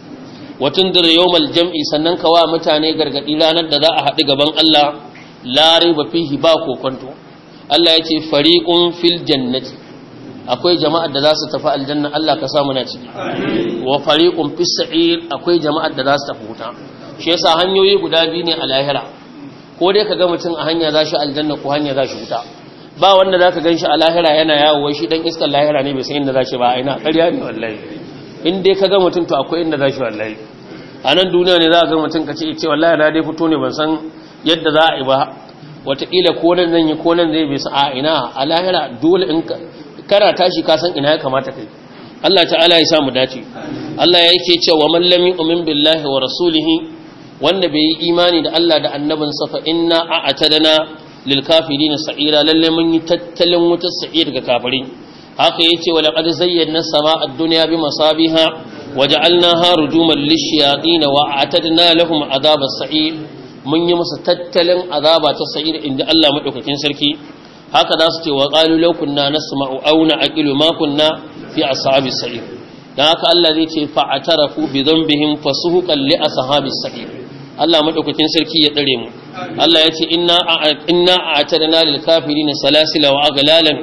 A: watun dir yawmal jam'i sannan ka wa mutane gargadi ranar da za a haɗu gaban Allah la riba fihi ba kokonto Allah ya ce fariqun fil jannati akwai jama'ar da za su tafi aljanna Allah ka samu na ciki wa fariqun fis sa'ir akwai jama'ar da za su tafi wuta shi yasa hanyoyi guda biyu ne a lahira ko dai ka ga mutum a hanya za shi aljanna ko hanya za shi wuta ba wanda za ka gan shi a lahira yana yawo shi dan iskar lahira ne bai san inda za shi ba aina ƙarya ne wallahi in dai ka ga mutum to akwai inda za wallahi a nan duniya ne za a ga mutum ka ce ce wallahi na dai fito ne ban san yadda za a yi ba wataƙila ko nan zan yi ko nan zai bisa a ina a lahira dole in kana tashi ka san ina ya kamata kai Allah ta'ala ya sa mu dace Allah ya yake cewa man lam yu'min billahi wa rasulihi wanda bai yi imani da Allah da annabin sa fa inna a'tadana lil kafirin sa'ira lalle mun yi tattalin wutar sa'ir ga kafirin haka yace wa laqad zayyana samaa ad-dunya bi masabiha waja'alnaha rujuman lish-shayatin wa a'tadna lahum adhab as-sa'ir mun yi masa tattalin azaba ta sa'ir inda Allah madaukakin sarki haka za su ce wa na law kunna nasma'u aw na'qilu ma kunna fi ashabi sa'ir dan haka Allah zai ce fa atarafu bi dhanbihim fasuhuqan li ashabi sa'ir Allah madaukakin sarki ya dare mu Allah ya ce inna inna a'tadna lil na salasila wa aghlalan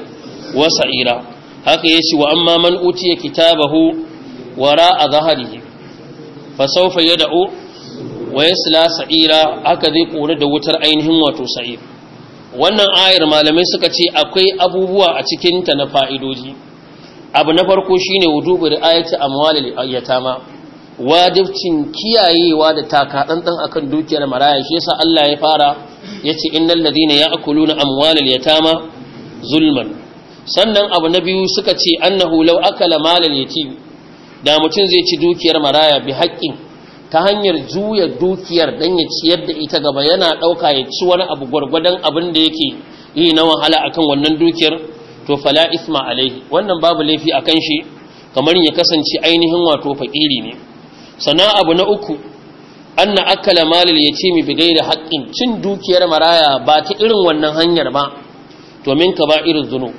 A: wa sa'ira haka ya ce wa amma man utiya kitabahu wara a zahari fa saufa ya da'o wa ya sila sa'ira haka zai kore da wutar ainihin wato sa'ir wannan ayar malamai suka ce akwai abubuwa a cikinta na fa'idoji abu na farko shi ne shine wudubu ri'ayati amwalil yatama wajibcin kiyayewa da takatsantsan kan dukiyar maraya shi yasa Allah ya fara ya yace innal ladina na amwalar yatama zulman sannan abu na biyu suka ce annahu law akala malal yatim da mutum zai ci dukiyar maraya bi haƙƙin ta hanyar juya dukiyar dan ya ciyar da ita gaba yana ɗauka ya ci wani abu gwargwadon abin da yake yi na wahala akan wannan dukiyar to fala isma alaihi wannan babu laifi akan shi kamar ya kasance ainihin wato fakiri ne sana abu na uku anna akala malal yatimi bi da haƙƙin cin dukiyar maraya ba ta irin wannan hanyar ba to min irin zunu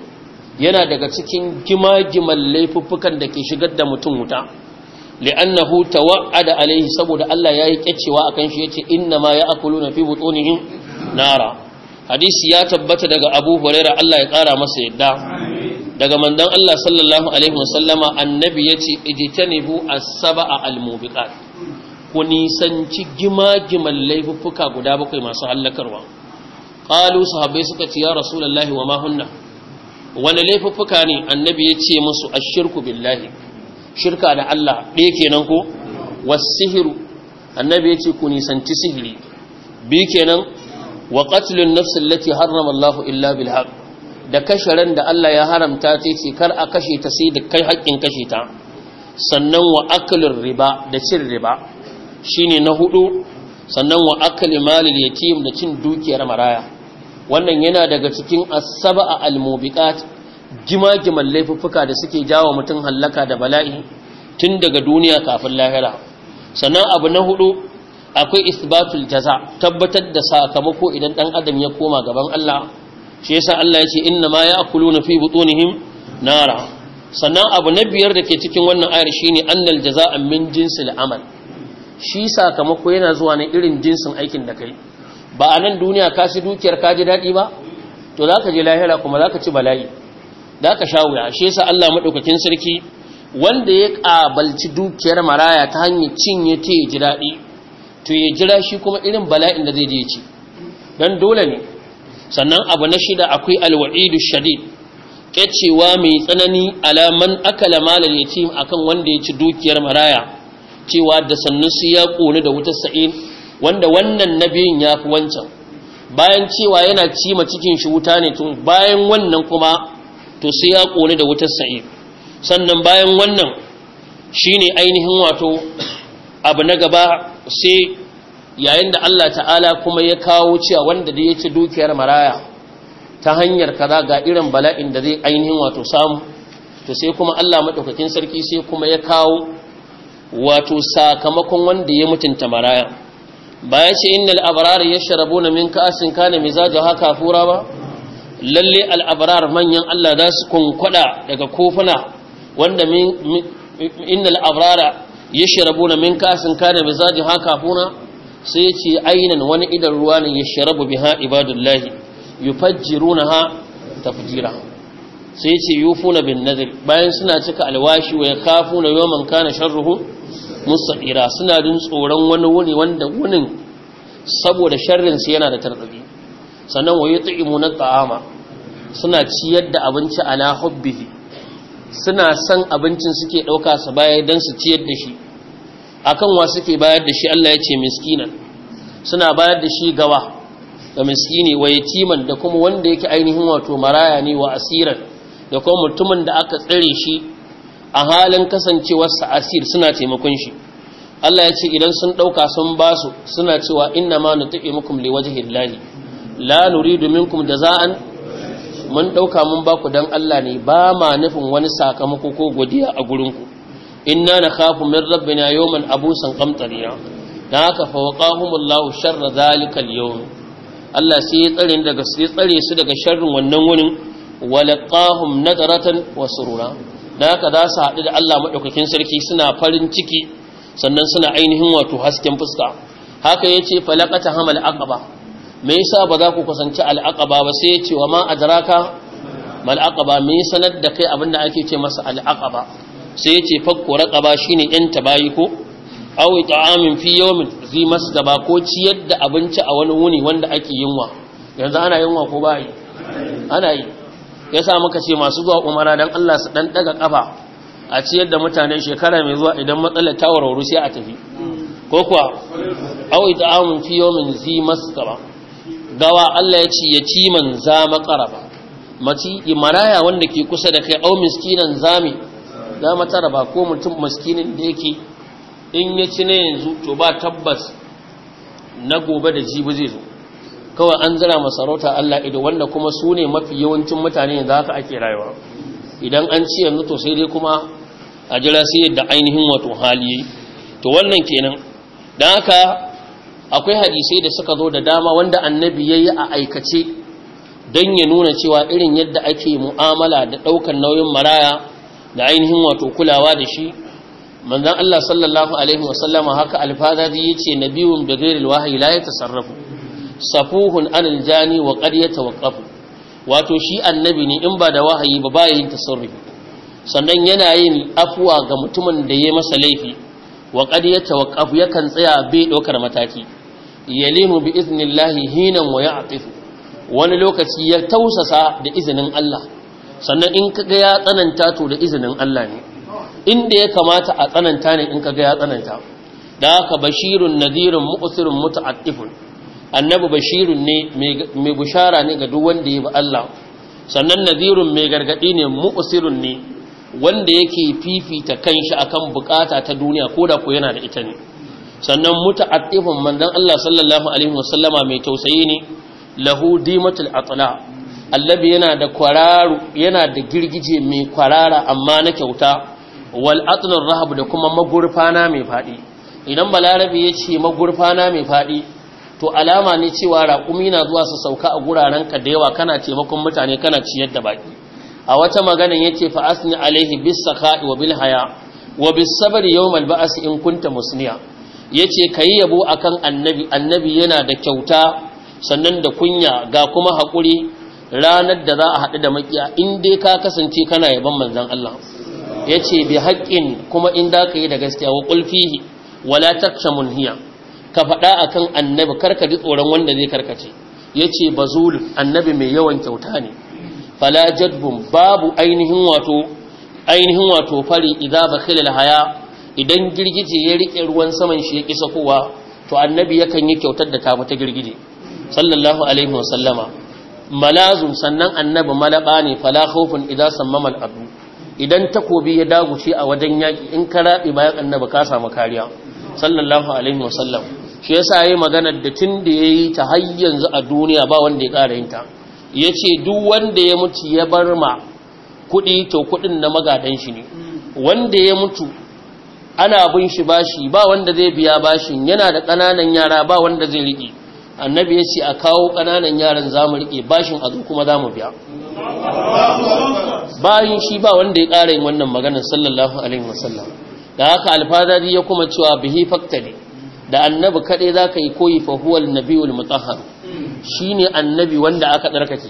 A: yana daga cikin gimagiman laifuffukan da ke shigar da mutum wuta li'annahu tawa'ada alaihi saboda Allah yayi kyacewa akan shi yace inna ma na fi butunihim nara hadisi ya tabbata daga Abu Hurairah Allah ya kara masa yadda daga mandan Allah sallallahu alaihi wasallama annabi yace ijtanibu as-sab'a al-mubiqat ku nisanci gimagiman laifuffuka guda bakwai masu hallakarwa qalu sahabbai suka ce ya rasulullahi wa ma hunna wani laifuffuka ne annabi ya ce musu ashirku billahi shirka da Allah ɗaya kenan ko wasihiru annabi ya ce ku nisanci sihiri bi kenan wa qatlun nafs allati harrama Allah illa bil da kashe ran da Allah ya haramta ta ce kar a kashe ta sai da kai haƙƙin kashe ta sannan wa riba da cin riba shine na hudu sannan wa akali malil yatim da cin dukiyar maraya wannan yana daga cikin asaba al-mubiqat gima-giman laifuffuka da suke jawo mutum hallaka da bala'i tun daga duniya kafin lahira sannan abu na hudu akwai isbatul jaza tabbatar da sakamako idan dan adam ya koma gaban Allah shi yasa Allah ya ce inna ma ya'kuluna fi butunihim nara sannan abu na biyar da ke cikin wannan ayar shine annal jaza'a min jinsil amal shi sakamako yana zuwa ne irin jinsin aikin da kai ba a nan duniya ka su dukiyar ka ji daɗi ba to za ka je lahira kuma za ka ci bala'i za ka sha wuya shi yasa Allah maɗaukakin sarki wanda ya ƙabalci dukiyar maraya ta hanyar cinye ta ya ji daɗi to ya jira shi kuma irin bala'in da zai je ci don dole ne sannan abu na shida akwai alwa'idu shadid kecewa mai tsanani alaman akala ya yatim akan wanda ya ci dukiyar maraya cewa da sannu su ya ƙone da wutar sa'in wanda wannan nabiyin ya fi wancan bayan cewa yana cima cikin shi wuta ne tun, bayan wannan kuma to sai ya ƙone da wutar sa'i sannan bayan wannan shine ainihin wato abu na gaba sai yayin da Allah ta'ala kuma ya kawo cewa wanda da ya ci dukiyar maraya ta hanyar kaza ga irin bala'in da zai ainihin wato samu to sai kuma Allah maɗaukakin sarki sai kuma ya kawo wato sakamakon wanda ya mutunta maraya ba ya ce innal abrar yashrabuna min ka'sin kana haka fura ba lalle al abrar manyan Allah za su kunkuda daga kofuna wanda innal abrara yashrabuna min ka'sin kana haka fura sai ce ainan wani idan ruwa ne yashrabu biha ibadullahi yufajjirunaha tafjira sai ce yufuna bin nadr bayan suna cika alwashi wa yakafuna yawman kana sharruhu mustaqira suna jin tsoron wani wuni wanda wunin saboda sharrin su yana da tardabi sannan waye na ta'ama suna ciyar da abinci ala hubbihi suna san abincin suke ɗauka su bayar dan su ciyar da shi akan wa suke bayar da shi Allah ya ce miskinan suna bayar da shi gawa ga miskini wa yatiman da kuma wanda yake ainihin wato maraya ne wa asiran da kuma mutumin da aka tsare shi a halin kasancewarsa asir suna taimakon shi Allah ya ce idan sun ɗauka sun ba suna cewa inna ma na taɓe mukum liwajihillahi la nuridu minkum jaza'an mun ɗauka mun ba ku don Allah ne ba ma nufin wani sakamako ko godiya a gurinku inna na khafu min rabbina yawman abusan qamtariya da haka fa waqahumullahu sharra zalika yawm Allah sai ya tsare daga sai tsare su daga sharrin wannan gurin walaqahum nadratan wa surura da haka za su haɗu da Allah maɗaukakin sarki suna farin ciki sannan suna ainihin wato hasken fuska haka ya ce falakata hamal aqaba me yasa ba za ku kusanci al'aqaba ba sai ya ce wa ma adraka mal aqaba me sanar da kai abinda ake ce masa al'aqaba sai ya ce fakku raqaba shine yan tabayi ko aw ta'amin fi yawmin zi masdaba ko ciyar da abinci a wani wuni wanda ake yunwa yanzu ana ko ba yi ana yi yasa muka ce masu zuwa umara don Allah su ɗan ɗaga kafa a ciyar da mutane shekara mai zuwa idan matsalar ta warwaru sai a tafi ko kuwa aw ita'amun fi yawmin zi masqaba gawa Allah ya ce man za maqaraba mace maraya wanda ke kusa da kai au miskinan zami za ba ko mutum miskinin da yake in ya ci na yanzu to ba tabbas na gobe da jibi zai zo kawai an zira masarauta Allah ido wanda kuma su ne mafi yawancin mutane da haka ake rayuwa idan an ci yanzu to sai dai kuma a jira sai yadda ainihin wato hali to wannan kenan don haka akwai hadisai da suka zo da dama wanda annabi ya yi a aikace don ya nuna cewa irin yadda ake mu'amala da ɗaukar nauyin maraya da ainihin wato kulawa da shi manzan Allah sallallahu Alaihi wasallama haka alfadari ya ce na biyun da gairil wahayi la ya tasarrafu safuhun anil jani wa wa yatawaqqafu wato shi annabi ne in ba da wahayi ba ba yin tasarrufi sannan yana yin afuwa ga mutumin da ya masa laifi wa qad yatawaqqafu yakan tsaya bai ɗaukar mataki yalimu bi iznillahi hinan wa ya'tifu wani lokaci ya tausasa da izinin Allah sannan in kaga ya tsananta to da izinin Allah ne inda ya kamata a tsananta ne in ga ya tsananta da haka bashirun nadirun mu'sirun muta'attifun annabi bashirun ne mai bushara ne ga duk wanda ya bi Allah sannan Naziru mai gargadi ne mu'sirun ne wanda yake fifita kanshi akan bukata ta duniya koda ko yana da ita ne sannan muta'attifun manzon Allah sallallahu alaihi wasallama mai tausayi ne lahu dimatul atla allabi yana da kwararu yana da girgije mai kwarara amma na kyauta wal atnur rahab da kuma magurfana mai fadi idan balarabi ya ce magurfana mai fadi to alama ne cewa raƙumi na zuwa su sauka a guraren ka da yawa kana taimakon mutane kana ciyar da baki a wata maganan yace fa asni alaihi bis saka'i wa bil haya wa bis sabri yawm al in kunta musniya yace kai yabo akan annabi annabi yana da kyauta sannan da kunya ga kuma haƙuri ranar da za a haɗu da makiya in dai ka kasance kana yaban manzon Allah yace bi haƙƙin kuma in da ka yi da gaskiya wa qulfihi wala takshamun hiya ka faɗa akan annabi ka ji tsoron wanda zai karkace yace bazul annabi mai yawan kyauta ne fala babu ainihin wato fari idza bakhilal haya idan girgije ya rike ruwan saman shi ya kisa kowa to annabi yakan yi kyautar da ta ta girgije sallallahu alaihi wa sallama malazun sannan annabi malaba ne fala khawfun idza sammama al idan takobi ya daguce a wajen yaki in ka rabi bayan annabi ka samu kariya sallallahu alaihi wasallam shi yasa yayi magana da tun da yayi ta har yanzu a duniya ba wanda ya kara yin ta yace duk wanda ya mutu ya bar ma kuɗi to kuɗin na magadan shi ne wanda ya mutu ana bin shi bashi ba wanda zai biya bashin yana da kananan yara ba wanda zai riƙe annabi ya ce a kawo kananan yaran za mu riƙe bashin a zo kuma za mu biya bayan shi ba wanda ya ƙara yin wannan maganar sallallahu alaihi wasallam da haka alfazari ya kuma cewa bihi ne. da annabi kaɗai za ka yi koyi fahuwal wal mutahhar shi ne annabi wanda aka ɗarkake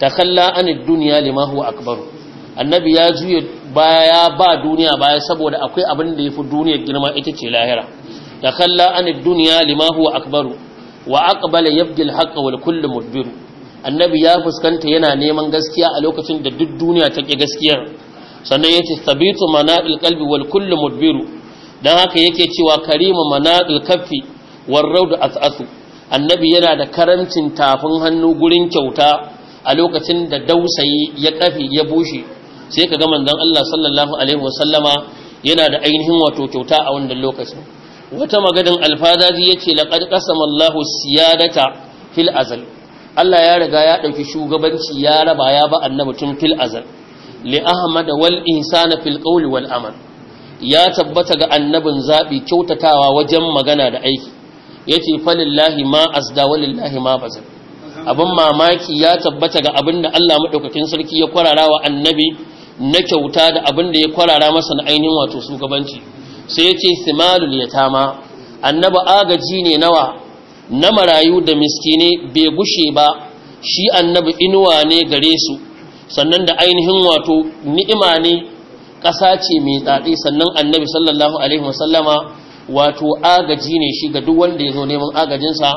A: ta kalla an duniya limahu akbaru annabi ya juya baya ba duniya baya saboda akwai abin da ya fi duniyar girma ita ce lahira ta kalla an duniya limahu akbaru wa aqbala yabdi al wal kullu mudbir annabi ya fuskanta yana neman gaskiya a lokacin da duk duniya ta take gaskiyar sannan yace sabitu manaqil qalbi wal kullu mudbiru dan haka yake cewa karimu manaqil kaffi war raud asasu annabi yana da karamcin tafin hannu gurin kyauta a lokacin da dausayi ya kafi ya bushe sai ka ga manzon Allah sallallahu alaihi wasallama yana da ainihin wato kyauta a wannan lokacin wata maganin alfadazi yace laqad qasama Allahu siyadata fil azal Allah ya riga ya dauki shugabanci ya raba ya ba annabi tun fil azal li ahmad wal insana fil qawli wal amal ya tabbata ga annabin zabi kyautatawa wajen magana da aiki yace falillahi ma ma abin mamaki ya tabbata ga abinda da Allah madaukakin sarki ya kwarara wa annabi na kyauta da abinda ya kwarara masa na ainihin wato shugabanci sai yace simalul yatama annabi agaji ne nawa na marayu da miskine bai gushe ba shi annabi inuwa ne gare su sannan da ainihin wato ni'ima ne ƙasa ce mai tsatsi sannan annabi sallallahu alaihi wasallama wato agaji ne shi ga duk wanda ya zo neman agajinsa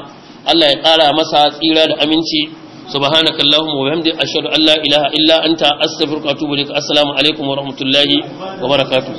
A: Allah ya ƙara masa tsira da aminci subhanaka allahumma wa bihamdika ashhadu an la ilaha illa anta astaghfiruka wa atubu ilaik assalamu alaikum wa rahmatullahi wa barakatuh